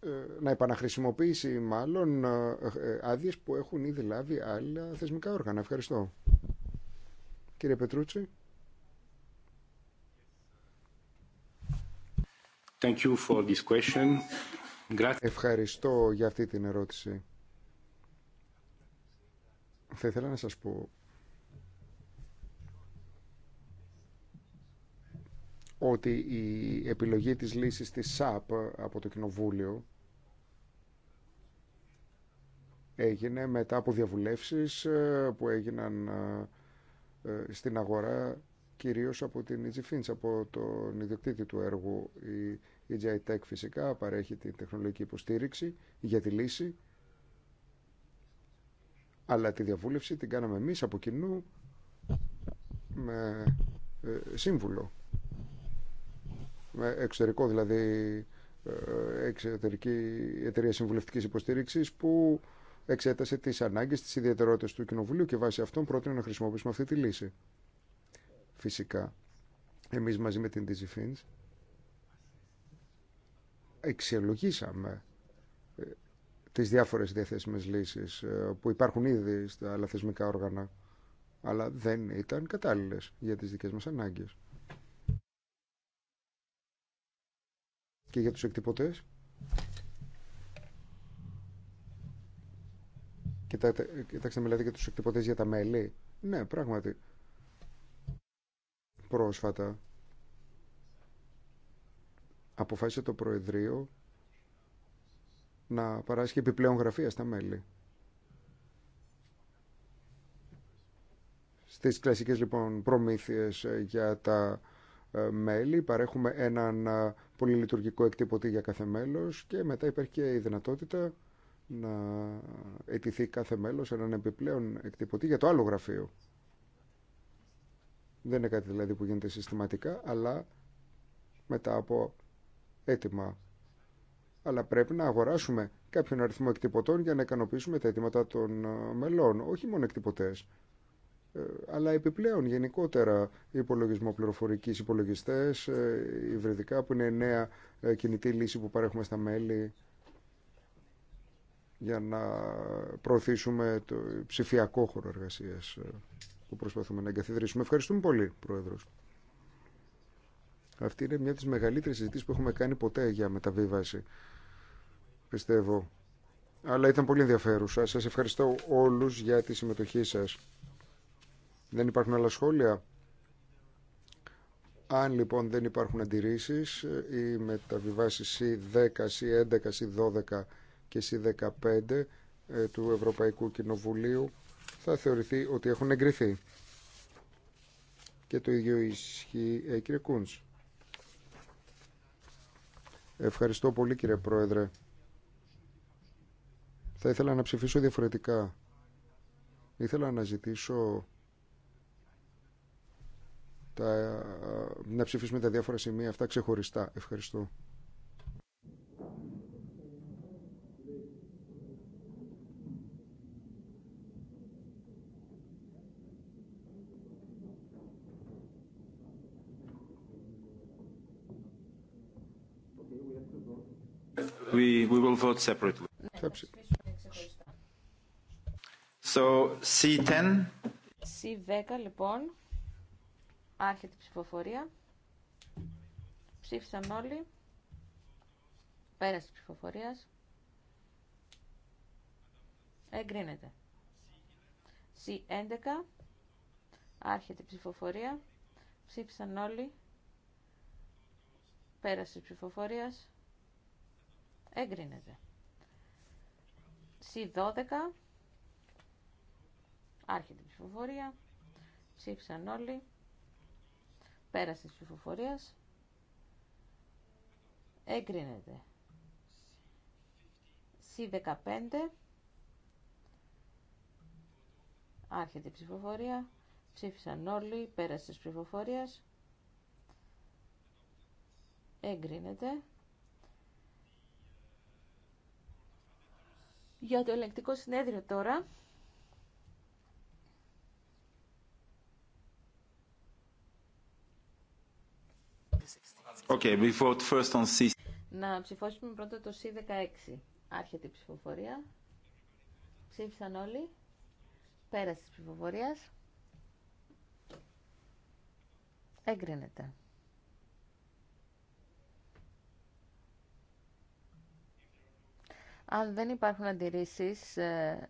Ε, να επαναχρησιμοποιήσει μάλλον ε, ε, άδειε που έχουν ήδη λάβει άλλα θεσμικά όργανα. Ευχαριστώ. Κύριε Πετρούτσι. Thank you for this question. Ευχαριστώ για αυτή την ερώτηση. Θα ήθελα να σας πω ότι η επιλογή της λύσης της ΣΑΠ από το Κοινοβούλιο έγινε μετά από διαβουλεύσεις ε, που έγιναν ε, ε, στην αγορά κυρίως από την EG από τον ιδιοκτήτη του έργου. Η EGI Tech φυσικά παρέχει την τεχνολογική υποστήριξη για τη λύση, αλλά τη διαβούλευση την κάναμε εμείς από κοινού με σύμβουλο, με εξωτερικό δηλαδή εξωτερική εταιρεία συμβουλευτικής υποστήριξης που εξέτασε τι ανάγκε, τι ιδιαιτερότητε του Κοινοβουλίου και βάσει αυτών πρότεινε να χρησιμοποιήσουμε αυτή τη λύση. Φυσικά, εμεί μαζί με την Fins εξελογήσαμε ε, τις διάφορε διαθέσιμε λύσει ε, που υπάρχουν ήδη στα λαθισμικά όργανα αλλά δεν ήταν κατάλληλες για τις δικές μας ανάγκες. Και για τους εκτυπωτές. κοιτάξτε, κοιτάξτε μιλάτε για τους εκτυπωτές για τα μέλη. Ναι, πράγματι. Πρόσφατα αποφάσισε το Προεδρείο να παράσχει επιπλέον γραφεία στα μέλη. Στις κλασικές λοιπόν προμήθειες ε, για τα ε, μέλη παρέχουμε έναν ε, πολυλειτουργικό εκτύπωτη για κάθε μέλος και μετά υπάρχει και η δυνατότητα να αιτηθεί κάθε μέλος έναν επιπλέον εκτυπωτή για το άλλο γραφείο. Δεν είναι κάτι δηλαδή που γίνεται συστηματικά, αλλά μετά από έτοιμα. Αλλά πρέπει να αγοράσουμε κάποιον αριθμό εκτυπωτών για να ικανοποιήσουμε τα αιτήματα των ε, μελών. Όχι μόνο εκτυπωτές, ε, αλλά επιπλέον γενικότερα υπολογισμό πληροφορική υπολογιστέ, ε, υβριδικά που είναι νέα κινητή λύση που παρέχουμε στα μέλη για να προωθήσουμε το ψηφιακό χώρο εργασία ε, που προσπαθούμε να εγκαθιδρύσουμε. Ευχαριστούμε πολύ, πρόεδρο. Αυτή είναι μια τη μεγαλύτερη μεγαλύτερες που έχουμε κάνει ποτέ για μεταβίβαση, πιστεύω. Αλλά ήταν πολύ ενδιαφέρουσα. Σα ευχαριστώ όλου για τη συμμετοχή σα. Δεν υπάρχουν άλλα σχόλια. Αν λοιπόν δεν υπάρχουν αντιρρήσεις, ε, οι μεταβιβάσεις C10, C11, C12 και C15 ε, του Ευρωπαϊκού Κοινοβουλίου θα θεωρηθεί ότι έχουν εγκριθεί. Και το ίδιο ισχύει, ε, κύριε Κούντς. Ευχαριστώ πολύ, κύριε Πρόεδρε. Θα ήθελα να ψηφίσω διαφορετικά. Ήθελα να ζητήσω τα... Ε, να ψηφίσουμε τα διάφορα σημεία αυτά ξεχωριστά. Ευχαριστώ. we will vote separately. So, C10. C10 λοιπον Άρχεται η ψηφοφορία. Ψήφισαν όλοι. Πέρασε τη ψηφοφορία. Εγκρίνεται. C11. Άρχεται η ψηφοφορία. Ψήφισαν όλοι. Πέρασε τη ψηφοφορία εγκρινεται Συ C12. Άρχεται η ψηφοφορία. Ψήφισαν όλοι. Πέρασε τη ψηφοφορία. έκρινεται. C15. Άρχεται η ψηφοφορία. Ψήφισαν όλοι. Πέρασε τη ψηφοφορία. Εγκρίνεται. Για το ελεγκτικό συνέδριο τώρα. Okay, we vote first on C. Να ψηφώσουμε πρώτα το C16. Άρχεται η ψηφοφορία. Ψήφισαν όλοι. Πέρασε τη ψηφοφορία. Έγκρινεται. Αν δεν υπάρχουν αντιρρήσεις, ε,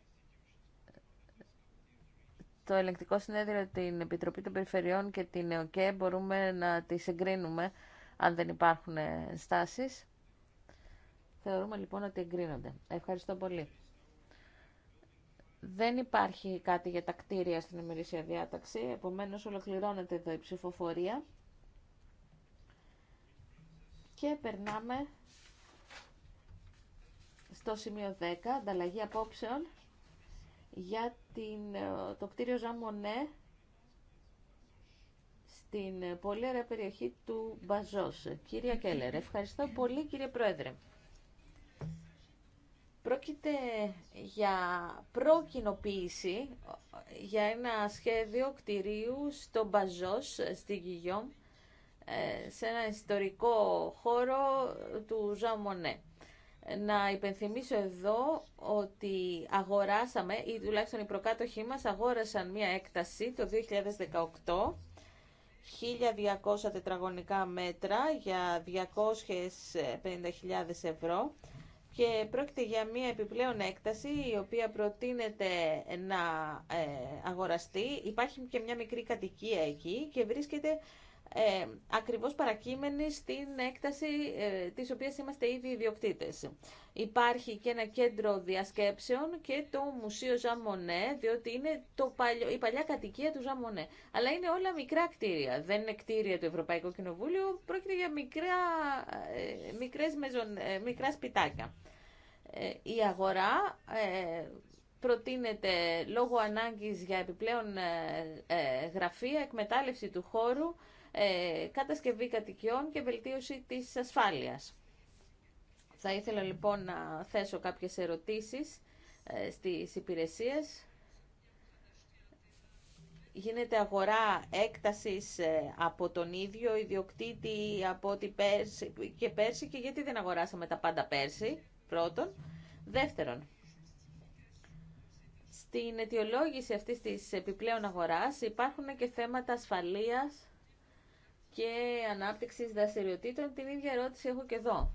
το ελεγκτικό συνέδριο, την Επιτροπή των Περιφερειών και την ΕΟΚΕ μπορούμε να τις εγκρίνουμε αν δεν υπάρχουν στάσεις. Θεωρούμε λοιπόν ότι εγκρίνονται. Ευχαριστώ πολύ. Δεν υπάρχει κάτι για τα κτίρια στην ημερήσια διάταξη, επομένως ολοκληρώνεται εδώ η ψηφοφορία. Και περνάμε το σημείο 10, ανταλλαγή απόψεων για την, ε, το κτίριο Ζαμονέ στην πολύ ωραία περιοχή του Μπαζός. Κύριε Κέλλερ, ευχαριστώ πολύ κύριε Πρόεδρε. Πρόκειται για προκοινοποίηση για ένα σχέδιο κτηρίου στο Μπαζός, στη Γιγιόμ, ε, σε ένα ιστορικό χώρο του Ζαμονέ να υπενθυμίσω εδώ ότι αγοράσαμε, ή τουλάχιστον οι προκάτοχοί μας αγόρασαν μία έκταση το 2018, 1.200 τετραγωνικά μέτρα για 250.000 ευρώ και πρόκειται για μία επιπλέον έκταση η οποία προτείνεται να ε, αγοραστεί. Υπάρχει και μια μικρή κατοικία εκεί και βρίσκεται ε, ακριβώς παρακείμενη στην έκταση ε, της οποίας είμαστε ήδη ιδιοκτήτες. Υπάρχει και ένα κέντρο διασκέψεων και το Μουσείο Ζαμονέ, διότι είναι το παλιο, η παλιά κατοικία του Ζαμονέ. Αλλά είναι όλα μικρά κτίρια. Δεν είναι κτίρια του Ευρωπαϊκού Κοινοβούλιο, πρόκειται για μικρά, ε, μικρές μεζον, ε, μικρά σπιτάκια. Ε, η αγορά ε, προτείνεται λόγω ανάγκης για επιπλέον ε, ε, γραφεία, εκμετάλλευση του χώρου, ε, κατασκευή κατοικιών και βελτίωση της ασφάλειας. Θα ήθελα λοιπόν να θέσω κάποιες ερωτήσεις ε, στις υπηρεσίες. Γίνεται αγορά έκτασης ε, από τον ίδιο ιδιοκτήτη από πέρσι, και πέρσι και γιατί δεν αγοράσαμε τα πάντα πέρσι, πρώτον. Δεύτερον, στην αιτιολόγηση αυτής της επιπλέον αγοράς υπάρχουν και θέματα ασφαλείας και ανάπτυξης δραστηριοτήτων. Την ίδια ερώτηση έχω και εδώ.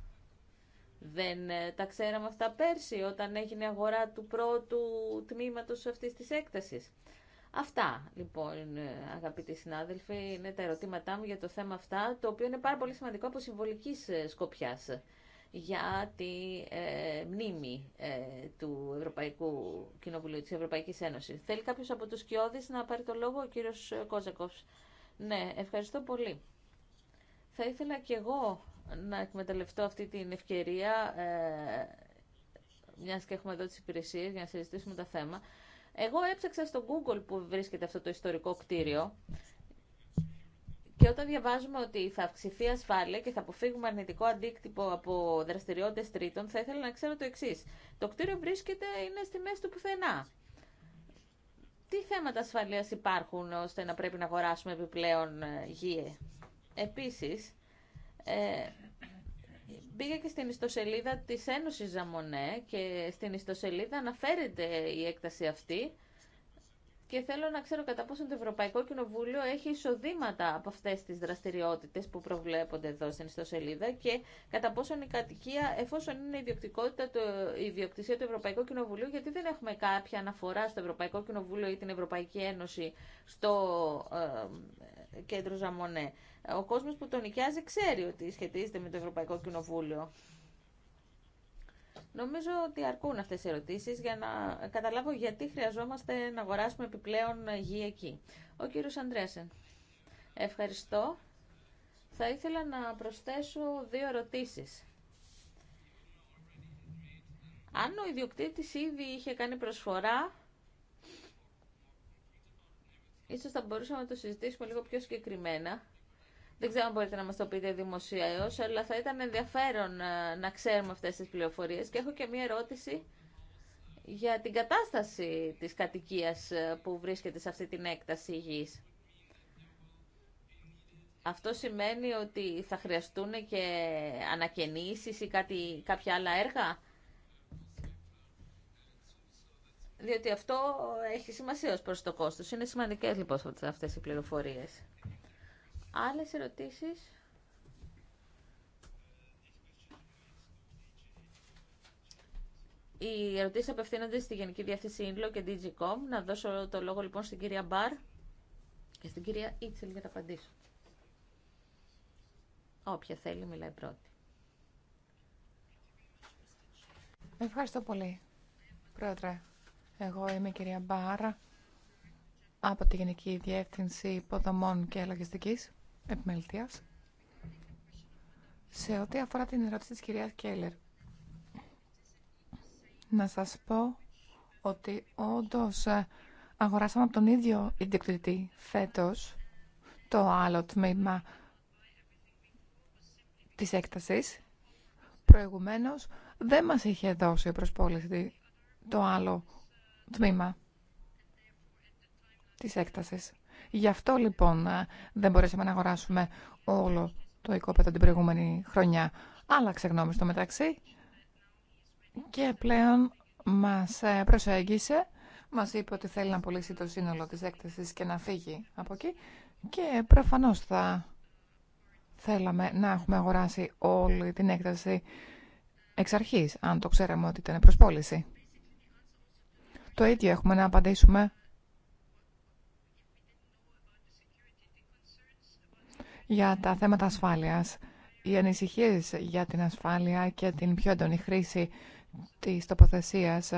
Δεν ε, τα ξέραμε αυτά πέρσι όταν έγινε αγορά του πρώτου τμήματος αυτής της έκτασης. Αυτά λοιπόν ε, αγαπητοί συνάδελφοι είναι τα ερωτήματά μου για το θέμα αυτά το οποίο είναι πάρα πολύ σημαντικό από συμβολικής ε, σκοπιάς για τη ε, μνήμη ε, του Ευρωπαϊκού Κοινοβουλίου της Ευρωπαϊκής Ένωσης. Θέλει κάποιος από τους Κιώδης να πάρει το λόγο, ο κύριος Κόζακοφς. Ναι, ευχαριστώ πολύ. Θα ήθελα κι εγώ να εκμεταλλευτώ αυτή την ευκαιρία, ε, μιας και έχουμε εδώ τις υπηρεσίες για να συζητήσουμε τα θέμα. Εγώ έψαξα στο Google που βρίσκεται αυτό το ιστορικό κτίριο και όταν διαβάζουμε ότι θα αυξηθεί ασφάλεια και θα αποφύγουμε αρνητικό αντίκτυπο από δραστηριότητε τρίτων, θα ήθελα να ξέρω το εξή. Το κτίριο βρίσκεται, είναι στη μέση του πουθενά. Τι θέματα ασφαλείας υπάρχουν ώστε να πρέπει να αγοράσουμε επιπλέον ε, γη. Επίσης, ε, Πήγα και στην ιστοσελίδα της Ένωσης Ζαμονέ και στην ιστοσελίδα αναφέρεται η έκταση αυτή και θέλω να ξέρω κατά πόσο το Ευρωπαϊκό Κοινοβούλιο έχει εισοδήματα από αυτέ τι δραστηριότητε που προβλέπονται εδώ στην ιστοσελίδα και κατά πόσο η κατοικία, εφόσον είναι η ιδιοκτησία του Ευρωπαϊκού Κοινοβουλίου, γιατί δεν έχουμε κάποια αναφορά στο Ευρωπαϊκό Κοινοβούλιο ή την Ευρωπαϊκή Ένωση στο ε, κέντρο Ζαμονέ. Ο κόσμο που τον νοικιάζει ξέρει ότι σχετίζεται με το Ευρωπαϊκό Κοινοβούλιο. Νομίζω ότι αρκούν αυτές οι ερωτήσεις για να καταλάβω γιατί χρειαζόμαστε να αγοράσουμε επιπλέον γη εκεί. Ο κύριος Αντρέσεν. Ευχαριστώ. Θα ήθελα να προσθέσω δύο ερωτήσεις. Αν ο ιδιοκτήτης ήδη είχε κάνει προσφορά, ίσως θα μπορούσαμε να το συζητήσουμε λίγο πιο συγκεκριμένα. Δεν ξέρω αν μπορείτε να μας το πείτε δημοσίως, αλλά θα ήταν ενδιαφέρον ε, να ξέρουμε αυτές τις πληροφορίες. Και έχω και μία ερώτηση για την κατάσταση της κατοικία ε, που βρίσκεται σε αυτή την έκταση γης. Αυτό σημαίνει ότι θα χρειαστούν και ανακαινήσεις ή κάτι, κάποια άλλα έργα. Διότι αυτό έχει σημασία ως προς το κόστος. Είναι σημαντικές λοιπόν αυτές οι πληροφορίες. Άλλες ερωτήσεις. Οι ερωτήσεις απευθύνονται στη Γενική Διεύθυνση Ινλο και DGCOM. Να δώσω το λόγο λοιπόν στην κυρία Μπαρ και στην κυρία Ιτσελ για να απαντήσω. Όποια θέλει μιλάει πρώτη. Ευχαριστώ πολύ, Πρόεδρε. Εγώ είμαι η κυρία Μπάρα από τη Γενική Διεύθυνση Υποδομών και Λογιστικής σε ό,τι αφορά την ερώτηση της κυρία Κέλλερ. Να σας πω ότι όντως ε, αγοράσαμε από τον ίδιο ιδιοκτητή φέτος το άλλο τμήμα της έκτασης. Προηγουμένως δεν μας είχε δώσει ο προσπόληση το άλλο τμήμα της έκτασης. Γι' αυτό λοιπόν ε, δεν μπορέσαμε να αγοράσουμε όλο το οικόπεδο την προηγούμενη χρονιά. Άλλαξε γνώμη στο μεταξύ και πλέον μας ε, προσέγγισε, μας είπε ότι θέλει να πουλήσει το σύνολο της έκτασης και να φύγει από εκεί και προφανώς θα θέλαμε να έχουμε αγοράσει όλη την έκταση εξ αρχής, αν το ξέραμε ότι ήταν προσπόληση. Το ίδιο έχουμε να απαντήσουμε για τα θέματα ασφάλειας. Οι ανησυχίες για την ασφάλεια και την πιο έντονη χρήση της τοποθεσίας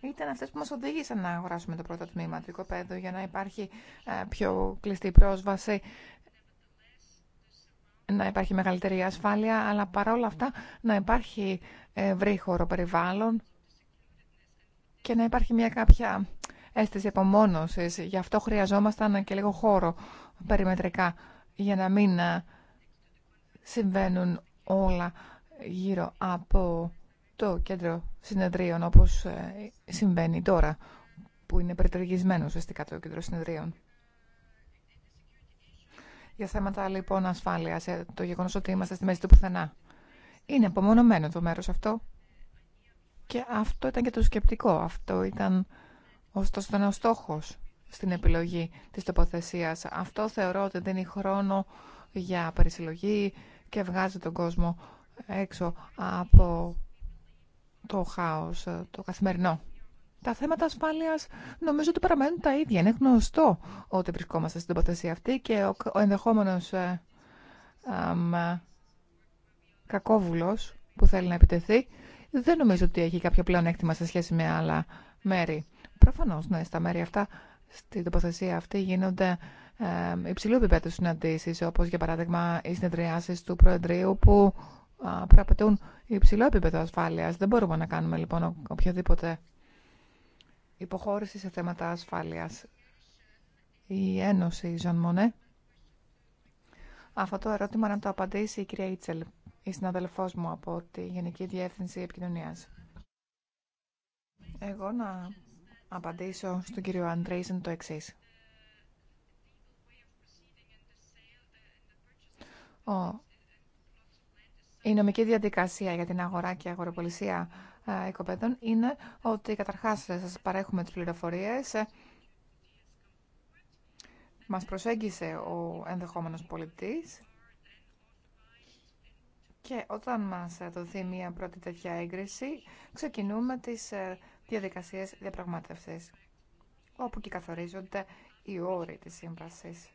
ήταν αυτές που μας οδήγησαν να αγοράσουμε το πρώτο τμήμα του οικοπαίδου για να υπάρχει ε, πιο κλειστή πρόσβαση, να υπάρχει μεγαλύτερη ασφάλεια, αλλά παρόλα αυτά να υπάρχει ευρύ χώρο περιβάλλον και να υπάρχει μια κάποια αίσθηση απομόνωση. Γι' αυτό χρειαζόμασταν και λίγο χώρο περιμετρικά για να μην ε, συμβαίνουν όλα γύρω από το κέντρο συνεδρίων όπως ε, συμβαίνει τώρα που είναι περιτριγισμένο ουσιαστικά το κέντρο συνεδρίων. Για θέματα λοιπόν ασφάλεια, ε, το γεγονό ότι είμαστε στη μέση του πουθενά. Είναι απομονωμένο το μέρο αυτό. Και αυτό ήταν και το σκεπτικό. Αυτό ήταν Ωστόσο ήταν ο στόχος στην επιλογή της τοποθεσίας. Αυτό θεωρώ ότι δίνει χρόνο για περισυλλογή και βγάζει τον κόσμο έξω από το χάος, το καθημερινό. Τα θέματα ασφάλεια νομίζω ότι παραμένουν τα ίδια. Είναι γνωστό ότι βρισκόμαστε στην τοποθεσία αυτή και ο ενδεχόμενο ε, κακόβουλο που θέλει να επιτεθεί δεν νομίζω ότι έχει κάποιο πλέον έκτημα σε σχέση με άλλα μέρη. Προφανώς, ναι, στα μέρη αυτά, στην τοποθεσία αυτή γίνονται ε, υψηλού επίπεδου συναντήσεις, όπως για παράδειγμα οι συνεδριάσεις του Προεδρείου που προαπαιτούν υψηλό επίπεδο ασφάλειας. Δεν μπορούμε να κάνουμε λοιπόν οποιαδήποτε υποχώρηση σε θέματα ασφάλειας. Η Ένωση Ζων Μονέ. Αυτό το ερώτημα να το απαντήσει η κυρία Ιτσελ, η συναδελφός μου από τη Γενική Διεύθυνση Επικοινωνίας. Εγώ να απαντήσω στον κύριο Αντρέιζεν το εξή. Η νομική διαδικασία για την αγορά και αγοροπολισία ε, οικοπαίδων είναι ότι καταρχάς σας παρέχουμε τις πληροφορίες. Μας προσέγγισε ο ενδεχόμενος πολιτής και όταν μας δοθεί μια πρώτη τέτοια έγκριση ξεκινούμε τις ε, διαδικασίες διαπραγμάτευσης, όπου και καθορίζονται οι όροι της σύμβασης.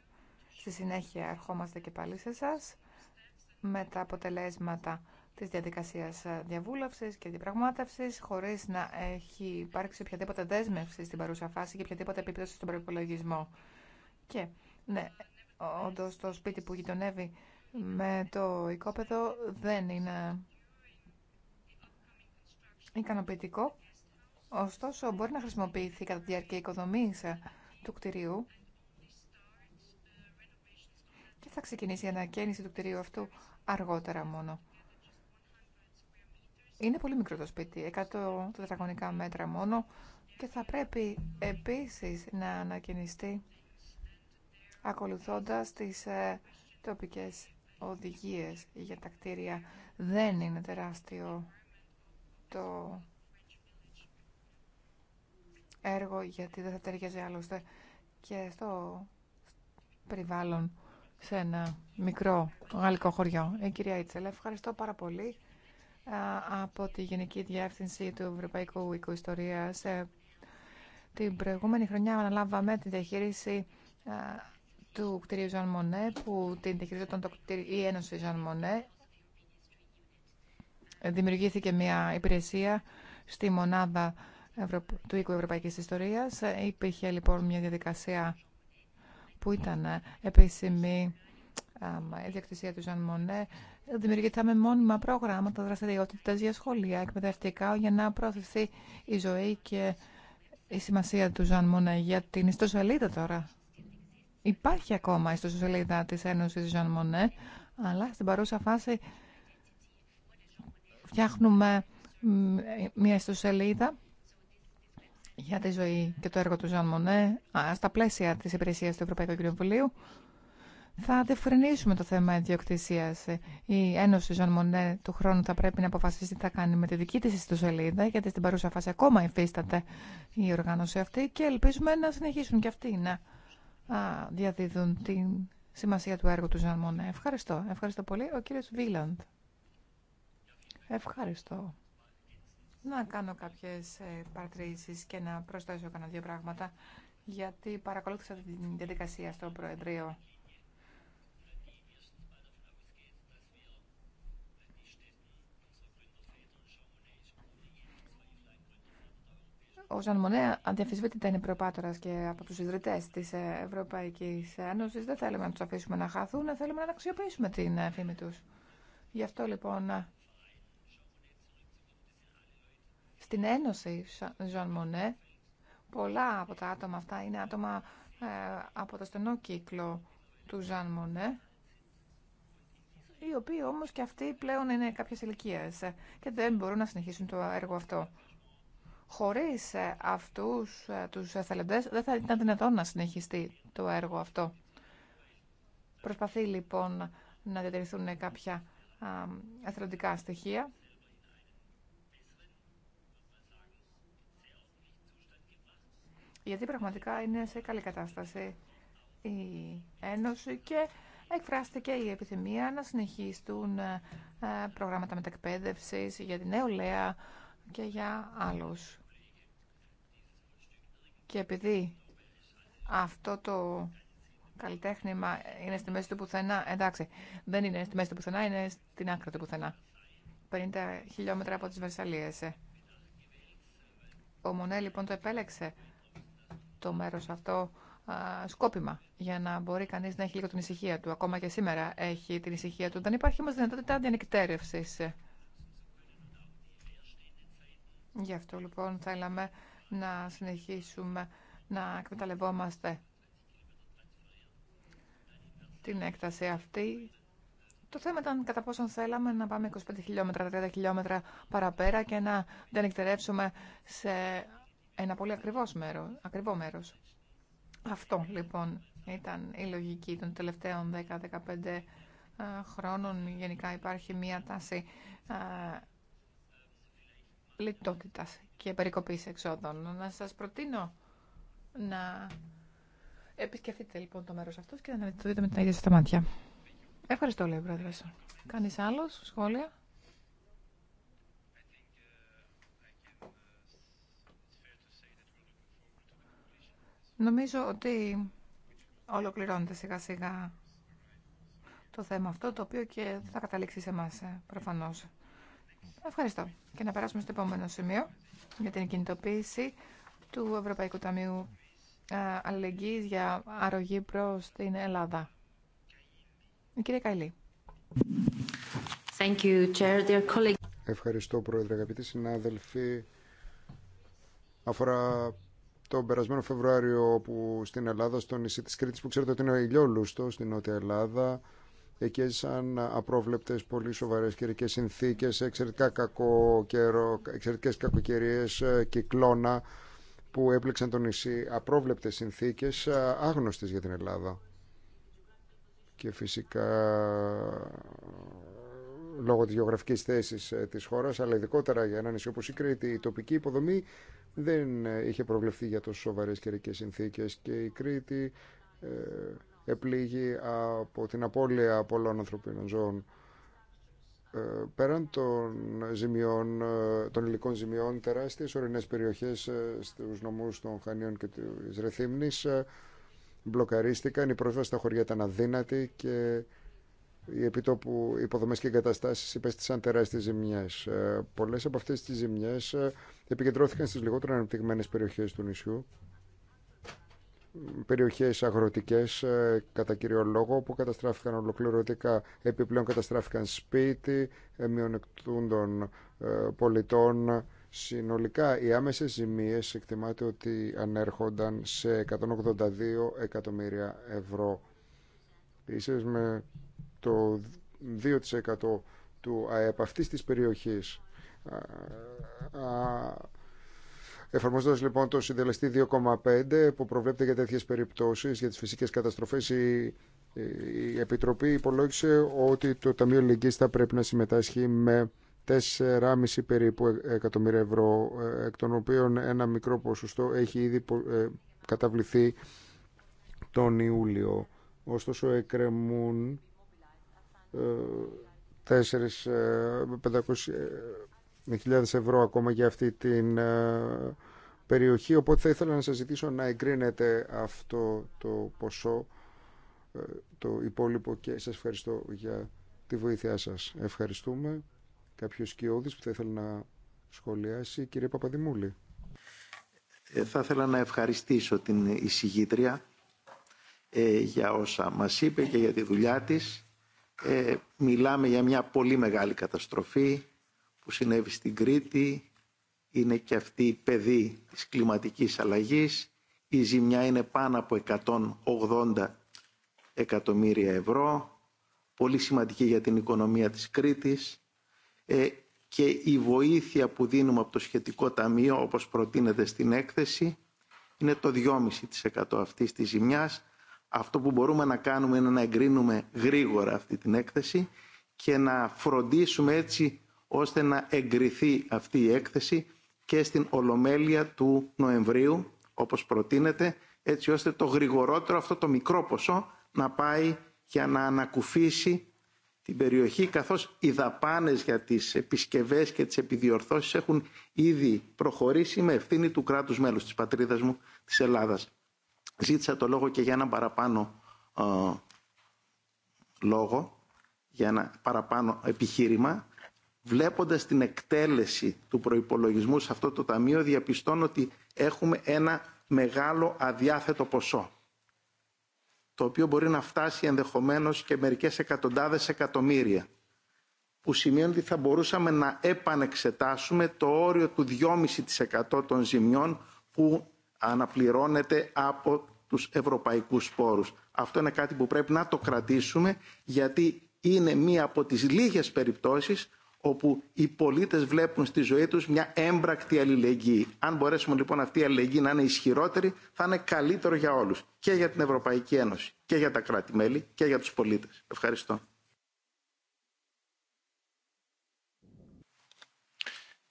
Στη συνέχεια ερχόμαστε και πάλι σε εσά με τα αποτελέσματα της διαδικασίας διαβούλευσης και διαπραγμάτευσης, χωρίς να έχει υπάρξει οποιαδήποτε δέσμευση στην παρούσα φάση και οποιαδήποτε επίπτωση στον προπολογισμό. Και, ναι, όντω το σπίτι που γειτονεύει με το οικόπεδο δεν είναι ικανοποιητικό Ωστόσο, μπορεί να χρησιμοποιηθεί κατά τη διάρκεια οικοδομής ε, του κτηρίου και θα ξεκινήσει η ανακαίνιση του κτηρίου αυτού αργότερα μόνο. Είναι πολύ μικρό το σπίτι, 100 τετραγωνικά μέτρα μόνο και θα πρέπει επίσης να ανακαινιστεί ακολουθώντας τις ε, τοπικές οδηγίες για τα κτίρια. Δεν είναι τεράστιο το έργο γιατί δεν θα ταιριάζει άλλωστε και στο περιβάλλον σε ένα μικρό γαλλικό χωριό. Ε, κυρία Ιτσελε, ευχαριστώ πάρα πολύ από τη Γενική Διεύθυνση του Ευρωπαϊκού Οίκου Ιστορίας. Ε, την προηγούμενη χρονιά αναλάβαμε τη διαχείριση του κτηρίου Ζαν Μονέ, που την διαχειριζόταν το κτηρίο, η Ένωση Ζαν Μονέ. Ε, δημιουργήθηκε μια υπηρεσία στη μονάδα του οίκου Ευρωπαϊκής Ιστορίας. Ε, υπήρχε λοιπόν μια διαδικασία που ήταν ε, επίσημη η διακτησία του Ζαν Μονέ. Δημιουργήσαμε μόνιμα προγράμματα, δραστηριότητε για σχολεία, εκπαιδευτικά, για να προωθηθεί η ζωή και η σημασία του Ζαν Μονέ για την ιστοσελίδα τώρα. Υπάρχει ακόμα η ιστοσελίδα της Ένωσης Ζαν Μονέ, αλλά στην παρούσα φάση φτιάχνουμε μια ιστοσελίδα για τη ζωή και το έργο του Ζαν Μονέ στα πλαίσια της υπηρεσίας του Ευρωπαϊκού Κοινοβουλίου. Θα διευκρινίσουμε το θέμα ιδιοκτησία. Η Ένωση Ζων Μονέ του χρόνου θα πρέπει να αποφασίσει τι θα κάνει με τη δική τη ιστοσελίδα, γιατί στην παρούσα φάση ακόμα υφίσταται η οργάνωση αυτή και ελπίζουμε να συνεχίσουν και αυτοί να διαδίδουν τη σημασία του έργου του Ζων Μονέ. Ευχαριστώ. Ευχαριστώ πολύ. Ο κύριος Βίλαντ. Ευχαριστώ να κάνω κάποιες ε, παρατηρήσεις και να προσθέσω κανένα δύο πράγματα, γιατί παρακολούθησα την διαδικασία στο Προεδρείο. Ο Ζαν Μονέ αντιαφισβήτητα είναι προπάτορα και από του ιδρυτέ τη Ευρωπαϊκή Ένωση. Δεν θέλουμε να του αφήσουμε να χαθούν, θέλουμε να αξιοποιήσουμε την φήμη του. Γι' αυτό λοιπόν Στην Ένωση Ζαν Μονέ, πολλά από τα άτομα αυτά είναι άτομα ε, από το στενό κύκλο του Ζαν Μονέ, οι οποίοι όμως και αυτοί πλέον είναι κάποιες ηλικίε και δεν μπορούν να συνεχίσουν το έργο αυτό. Χωρίς ε, αυτούς ε, τους εθελοντές δεν θα ήταν δυνατόν να συνεχιστεί το έργο αυτό. Προσπαθεί λοιπόν να διατηρηθούν κάποια εθελοντικά στοιχεία γιατί πραγματικά είναι σε καλή κατάσταση η Ένωση και εκφράστηκε η επιθυμία να συνεχίσουν ε, προγράμματα μετακπαίδευσης για την νεολαία και για άλλους. Και επειδή αυτό το καλλιτέχνημα είναι στη μέση του πουθενά, εντάξει, δεν είναι στη μέση του πουθενά, είναι στην άκρη του πουθενά. 50 χιλιόμετρα από τις Βερσαλίες. Ο Μονέ λοιπόν το επέλεξε το μέρος αυτό σκόπιμα για να μπορεί κανείς να έχει λίγο την ησυχία του. Ακόμα και σήμερα έχει την ησυχία του. Δεν υπάρχει όμως δυνατότητα διανυκτέρευσης. Γι' αυτό λοιπόν θέλαμε να συνεχίσουμε να εκμεταλλευόμαστε την έκταση αυτή. Το θέμα ήταν κατά πόσον θέλαμε να πάμε 25 χιλιόμετρα, 30 χιλιόμετρα παραπέρα και να δεν σε ένα πολύ ακριβώς μέρο, ακριβό μέρος. Αυτό λοιπόν ήταν η λογική των τελευταίων 10-15 ε, χρόνων. Γενικά υπάρχει μία τάση ε, λιτότητας και περικοπής εξόδων. Να σας προτείνω να επισκεφτείτε λοιπόν το μέρος αυτό και να το δείτε με την ίδια στα μάτια. Ευχαριστώ, λέει ο πρόεδρος. Κανείς άλλος, σχόλια. Νομίζω ότι ολοκληρώνεται σιγά σιγά το θέμα αυτό, το οποίο και θα καταλήξει σε εμά ε, προφανώς. Ευχαριστώ. Και να περάσουμε στο επόμενο σημείο για την κινητοποίηση του Ευρωπαϊκού Ταμείου ε, Αλληλεγγύης για αρρωγή προς την Ελλάδα. Κύριε κυρία Καϊλή. Ευχαριστώ, Πρόεδρε, αγαπητοί συνάδελφοι. Αφορά τον περασμένο Φεβρουάριο που στην Ελλάδα, στο νησί της Κρήτης που ξέρετε ότι είναι ο ηλιόλουστο στην Νότια Ελλάδα εκεί έζησαν απρόβλεπτες πολύ σοβαρές καιρικές συνθήκες εξαιρετικά κακό καιρό, εξαιρετικές κακοκαιρίες ε, κυκλώνα που έπληξαν το νησί απρόβλεπτες συνθήκες ε, άγνωστες για την Ελλάδα και φυσικά λόγω της γεωγραφικής θέση ε, της χώρας, αλλά ειδικότερα για ένα νησί όπω η Κρήτη, η τοπική υποδομή δεν ε, είχε προβλεφθεί για τόσο σοβαρέ καιρικέ συνθήκες και η Κρήτη ε, επλήγει από την απώλεια πολλών ανθρωπίνων ζώων. Ε, πέραν των, ζημιών, ε, των υλικών ζημιών, τεράστιες ορεινές περιοχές στους νομούς των Χανίων και τη ρεθύμνη, μπλοκαρίστηκαν, η πρόσβαση στα χωριά ήταν αδύνατη και οι επιτόπου υποδομές και εγκαταστάσει υπέστησαν τεράστιες ζημιές. Ε, πολλές από αυτές τις ζημιές ε, επικεντρώθηκαν στις λιγότερο αναπτυγμένες περιοχές του νησιού, περιοχές αγροτικές ε, κατά κύριο λόγο που καταστράφηκαν ολοκληρωτικά. Επιπλέον καταστράφηκαν σπίτι των πολιτών. Συνολικά οι άμεσε ζημίες εκτιμάται ότι ανέρχονταν σε 182 εκατομμύρια ευρώ. με το 2% του ΑΕΠ αυτής της περιοχής. Εφαρμοζόντα λοιπόν το συντελεστή 2,5 που προβλέπεται για τέτοιε περιπτώσει, για τι φυσικέ καταστροφέ, η, Επιτροπή υπολόγισε ότι το Ταμείο Ελληνικής θα πρέπει να συμμετάσχει με 4,5 περίπου εκατομμύρια ευρώ, εκ των οποίων ένα μικρό ποσοστό έχει ήδη ε, καταβληθεί τον Ιούλιο. Ωστόσο, εκκρεμούν 4.500 ε, ε, ευρώ ακόμα για αυτή την ε, περιοχή. Οπότε θα ήθελα να σας ζητήσω να εγκρίνετε αυτό το ποσό, το υπόλοιπο και σας ευχαριστώ για τη βοήθειά σας. Ευχαριστούμε. Κάποιος σκιώδης που θα ήθελα να σχολιάσει. Κύριε Παπαδημούλη. Θα ήθελα να ευχαριστήσω την εισηγήτρια για όσα μας είπε και για τη δουλειά της ε, μιλάμε για μια πολύ μεγάλη καταστροφή που συνέβη στην Κρήτη. Είναι και αυτή η παιδί της κλιματικής αλλαγής. Η ζημιά είναι πάνω από 180 εκατομμύρια ευρώ. Πολύ σημαντική για την οικονομία της Κρήτης. Ε, και η βοήθεια που δίνουμε από το σχετικό ταμείο, όπως προτείνεται στην έκθεση, είναι το 2,5% αυτής της ζημιάς αυτό που μπορούμε να κάνουμε είναι να εγκρίνουμε γρήγορα αυτή την έκθεση και να φροντίσουμε έτσι ώστε να εγκριθεί αυτή η έκθεση και στην Ολομέλεια του Νοεμβρίου, όπως προτείνεται, έτσι ώστε το γρηγορότερο αυτό το μικρό ποσό να πάει για να ανακουφίσει την περιοχή, καθώς οι δαπάνες για τις επισκευές και τις επιδιορθώσεις έχουν ήδη προχωρήσει με ευθύνη του κράτους μέλους της πατρίδας μου, της Ελλάδας. Ζήτησα το λόγο και για ένα παραπάνω ε, λόγο, για ένα παραπάνω επιχείρημα. Βλέποντας την εκτέλεση του προϋπολογισμού σε αυτό το ταμείο, διαπιστώνω ότι έχουμε ένα μεγάλο αδιάθετο ποσό, το οποίο μπορεί να φτάσει ενδεχομένως και μερικές εκατοντάδες εκατομμύρια, που σημαίνει ότι θα μπορούσαμε να επανεξετάσουμε το όριο του 2,5% των ζημιών που αναπληρώνεται από τους ευρωπαϊκούς πόρους. Αυτό είναι κάτι που πρέπει να το κρατήσουμε γιατί είναι μία από τις λίγες περιπτώσεις όπου οι πολίτες βλέπουν στη ζωή τους μια έμπρακτη αλληλεγγύη. Αν μπορέσουμε λοιπόν αυτή η αλληλεγγύη να είναι ισχυρότερη, θα είναι καλύτερο για όλους. Και για την Ευρωπαϊκή Ένωση, και για τα κράτη-μέλη, και για τους πολίτες. Ευχαριστώ.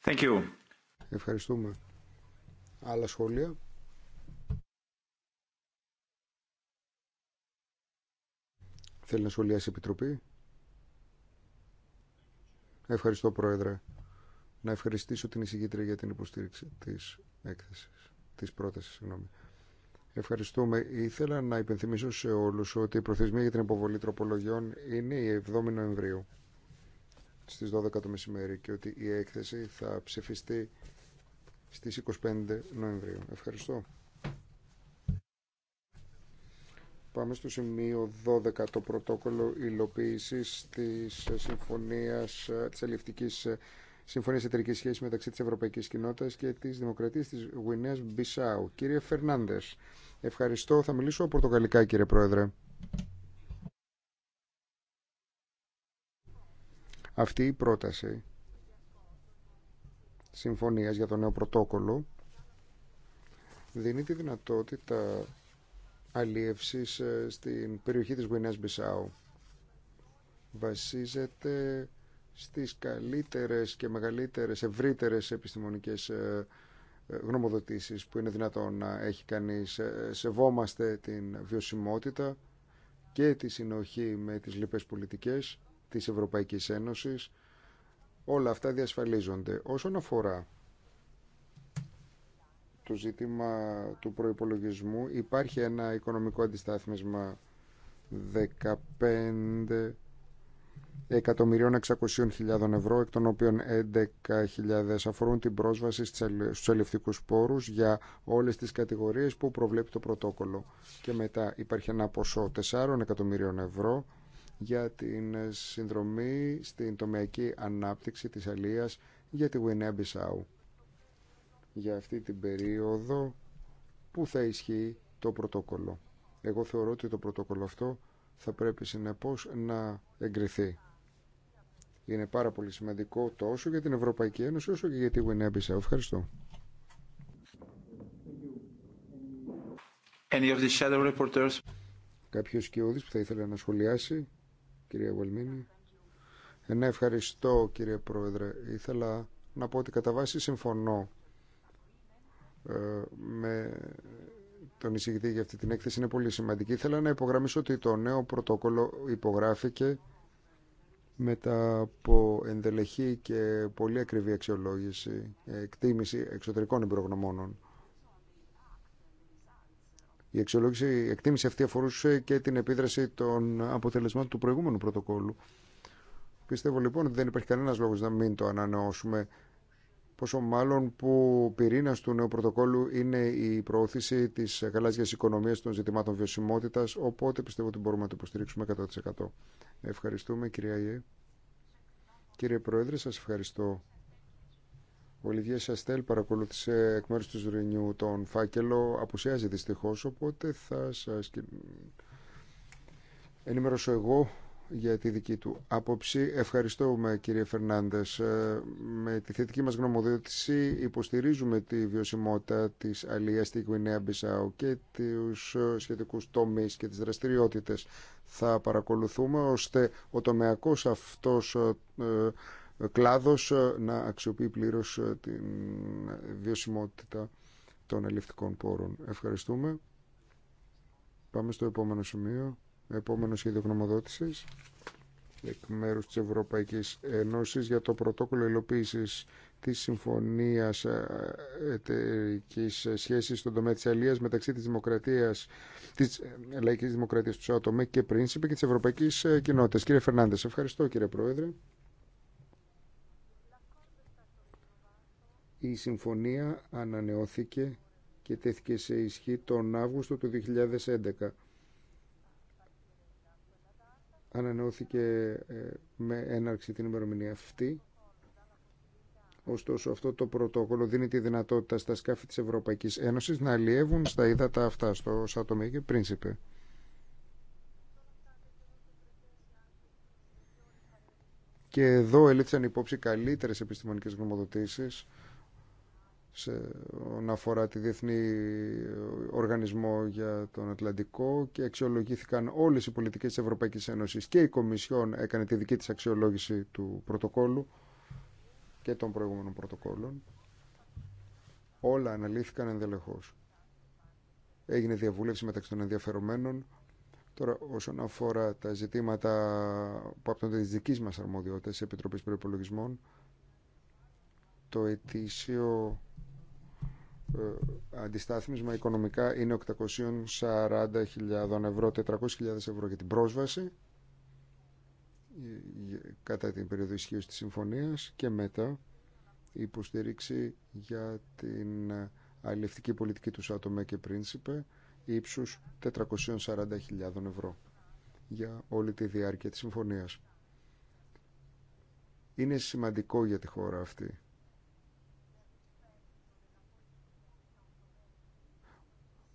Thank you. Ευχαριστούμε. Άλλα σχόλια. Θέλει να σχολιάσει η Επιτροπή. Ευχαριστώ, Πρόεδρε. Να ευχαριστήσω την εισηγήτρια για την υποστήριξη της έκθεσης, της πρότασης, συγγνώμη. Ευχαριστούμε. Ήθελα να υπενθυμίσω σε όλους ότι η προθεσμία για την υποβολή τροπολογιών είναι η 7η Νοεμβρίου στις 12 το μεσημέρι και ότι η έκθεση θα ψηφιστεί στις 25 Νοεμβρίου. Ευχαριστώ. Πάμε στο σημείο 12, το πρωτόκολλο υλοποίησης της συμφωνίας, της αλληλευτικής συμφωνίας εταιρικής σχέσης μεταξύ της Ευρωπαϊκής Κοινότητας και της Δημοκρατίας της Γουινέας Μπισάου. Κύριε Φερνάνδε, ευχαριστώ. Θα μιλήσω πορτογαλικά, κύριε Πρόεδρε. Αυτή η πρόταση συμφωνίας για το νέο πρωτόκολλο δίνει τη δυνατότητα αλίευσης ε, στην περιοχή της Γουινέας Μπισάου. Βασίζεται στις καλύτερες και μεγαλύτερες, ευρύτερες επιστημονικές ε, ε, γνωμοδοτήσεις που είναι δυνατόν να έχει κανείς. Σεβόμαστε την βιωσιμότητα και τη συνοχή με τις λοιπές πολιτικές της Ευρωπαϊκής Ένωσης. Όλα αυτά διασφαλίζονται. Όσον αφορά το ζήτημα του προϋπολογισμού υπάρχει ένα οικονομικό αντιστάθμισμα 15 εκατομμυρίων 600.000 ευρώ, εκ των οποίων 11.000 αφορούν την πρόσβαση στους ελευτικούς πόρους για όλες τις κατηγορίες που προβλέπει το πρωτόκολλο. Και μετά υπάρχει ένα ποσό 4 εκατομμυρίων ευρώ για την συνδρομή στην τομεακή ανάπτυξη της αλίας για τη Γουινέα Μπισάου για αυτή την περίοδο που θα ισχύει το πρωτόκολλο. Εγώ θεωρώ ότι το πρωτόκολλο αυτό θα πρέπει συνεπώς να εγκριθεί. Είναι πάρα πολύ σημαντικό τόσο για την Ευρωπαϊκή Ένωση όσο και για τη Γουινέα Μπισάου. Ευχαριστώ. Any of the που θα ήθελε να σχολιάσει, κυρία Βαλμίνη. Ε, ναι, ευχαριστώ κύριε Πρόεδρε. Ήθελα να πω ότι κατά βάση συμφωνώ ε, με τον εισηγητή για αυτή την έκθεση είναι πολύ σημαντική. Θέλω να υπογραμμίσω ότι το νέο πρωτόκολλο υπογράφηκε μετά από ενδελεχή και πολύ ακριβή αξιολόγηση, εκτίμηση εξωτερικών εμπειρογνωμόνων. Η αξιολόγηση, η εκτίμηση αυτή αφορούσε και την επίδραση των αποτελεσμάτων του προηγούμενου πρωτοκόλλου. Πιστεύω λοιπόν ότι δεν υπάρχει κανένας λόγος να μην το ανανεώσουμε πόσο μάλλον που πυρήνα του νέου πρωτοκόλλου είναι η προώθηση τη γαλάζια οικονομία των ζητημάτων βιωσιμότητα. Οπότε πιστεύω ότι μπορούμε να το υποστηρίξουμε 100%. Ευχαριστούμε, κυρία Ιε. Κύριε Πρόεδρε, σα ευχαριστώ. Ο Λιβιέ Σαστέλ παρακολούθησε εκ μέρου του Ζουρινιού τον φάκελο. Απουσιάζει δυστυχώ, οπότε θα σα ενημερώσω εγώ για τη δική του άποψη. Ευχαριστούμε κύριε Φερνάνδες. Ε, με τη θετική μας γνωμοδότηση υποστηρίζουμε τη βιωσιμότητα της αλίας στη Γουινέα Μπισάου και τους ε, σχετικούς τομείς και τις δραστηριότητες. Θα παρακολουθούμε ώστε ο τομεακός αυτός ε, κλάδος να αξιοποιεί πλήρως την βιωσιμότητα των αληφτικών πόρων. Ευχαριστούμε. Πάμε στο επόμενο σημείο. Επόμενο σχέδιο γνωμοδότηση εκ μέρου τη Ευρωπαϊκή Ένωση για το πρωτόκολλο υλοποίηση τη Συμφωνία ε, Εταιρική Σχέση στον τομέα τη Αλία μεταξύ τη Δημοκρατίας, της ε, Λαϊκή Δημοκρατία του ΣΑΤΟΜΕ και Πρίνσιπε και τη Ευρωπαϊκή ε, Κοινότητα. Κύριε Φερνάνδε, ευχαριστώ κύριε Πρόεδρε. Η συμφωνία ανανεώθηκε και τέθηκε σε ισχύ τον Αύγουστο του 2011 ανανεώθηκε ε, με έναρξη την ημερομηνία αυτή. Ωστόσο, αυτό το πρωτόκολλο δίνει τη δυνατότητα στα σκάφη της Ευρωπαϊκής Ένωσης να αλλιεύουν στα ύδατα αυτά, στο Σατομί και Πρίνσιπε. Και εδώ έλειψαν υπόψη καλύτερες επιστημονικές γνωμοδοτήσεις σε αφορά τη Διεθνή Οργανισμό για τον Ατλαντικό και αξιολογήθηκαν όλες οι πολιτικές της Ευρωπαϊκής Ένωσης και η Κομισιόν έκανε τη δική της αξιολόγηση του πρωτοκόλου και των προηγούμενων πρωτοκόλων. Όλα αναλύθηκαν ενδελεχώς. Έγινε διαβούλευση μεταξύ των ενδιαφερομένων. Τώρα, όσον αφορά τα ζητήματα που τη δική μα αρμοδιότητα, Επιτροπή Προπολογισμών, το ετήσιο ε, αντιστάθμισμα οικονομικά είναι 840.000 ευρώ, 400.000 ευρώ για την πρόσβαση ε, κατά την περίοδο ισχύω της συμφωνίας και μετά υποστήριξη για την αλληλευτική πολιτική του Σάτομε και Πρίνσιπε ύψους 440.000 ευρώ για όλη τη διάρκεια της συμφωνίας. Είναι σημαντικό για τη χώρα αυτή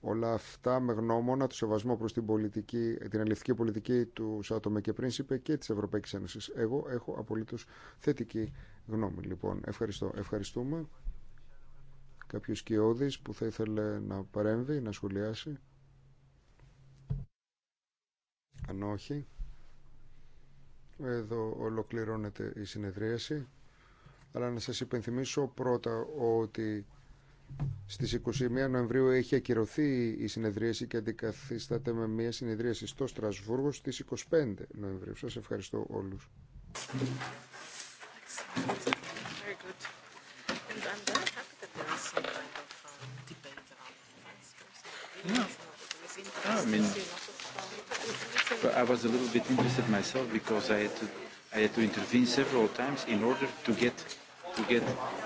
Όλα αυτά με γνώμονα το σεβασμό προς την, πολιτική, την πολιτική του Σάτομε και Πρίνσιπε και της Ευρωπαϊκής Ένωσης. Εγώ έχω απολύτως θετική γνώμη. Λοιπόν, ευχαριστώ. Ευχαριστούμε. Κάποιος κοιόδης που θα ήθελε να παρέμβει, να σχολιάσει. Αν όχι, εδώ ολοκληρώνεται η συνεδρίαση. Αλλά να σας υπενθυμίσω πρώτα ότι στις 21 Νοεμβρίου έχει ακυρωθεί η συνεδρίαση και αντικαθίσταται με μια συνεδρίαση στο Στρασβούργο στις 25 Νοεμβρίου. Σας ευχαριστώ όλους. I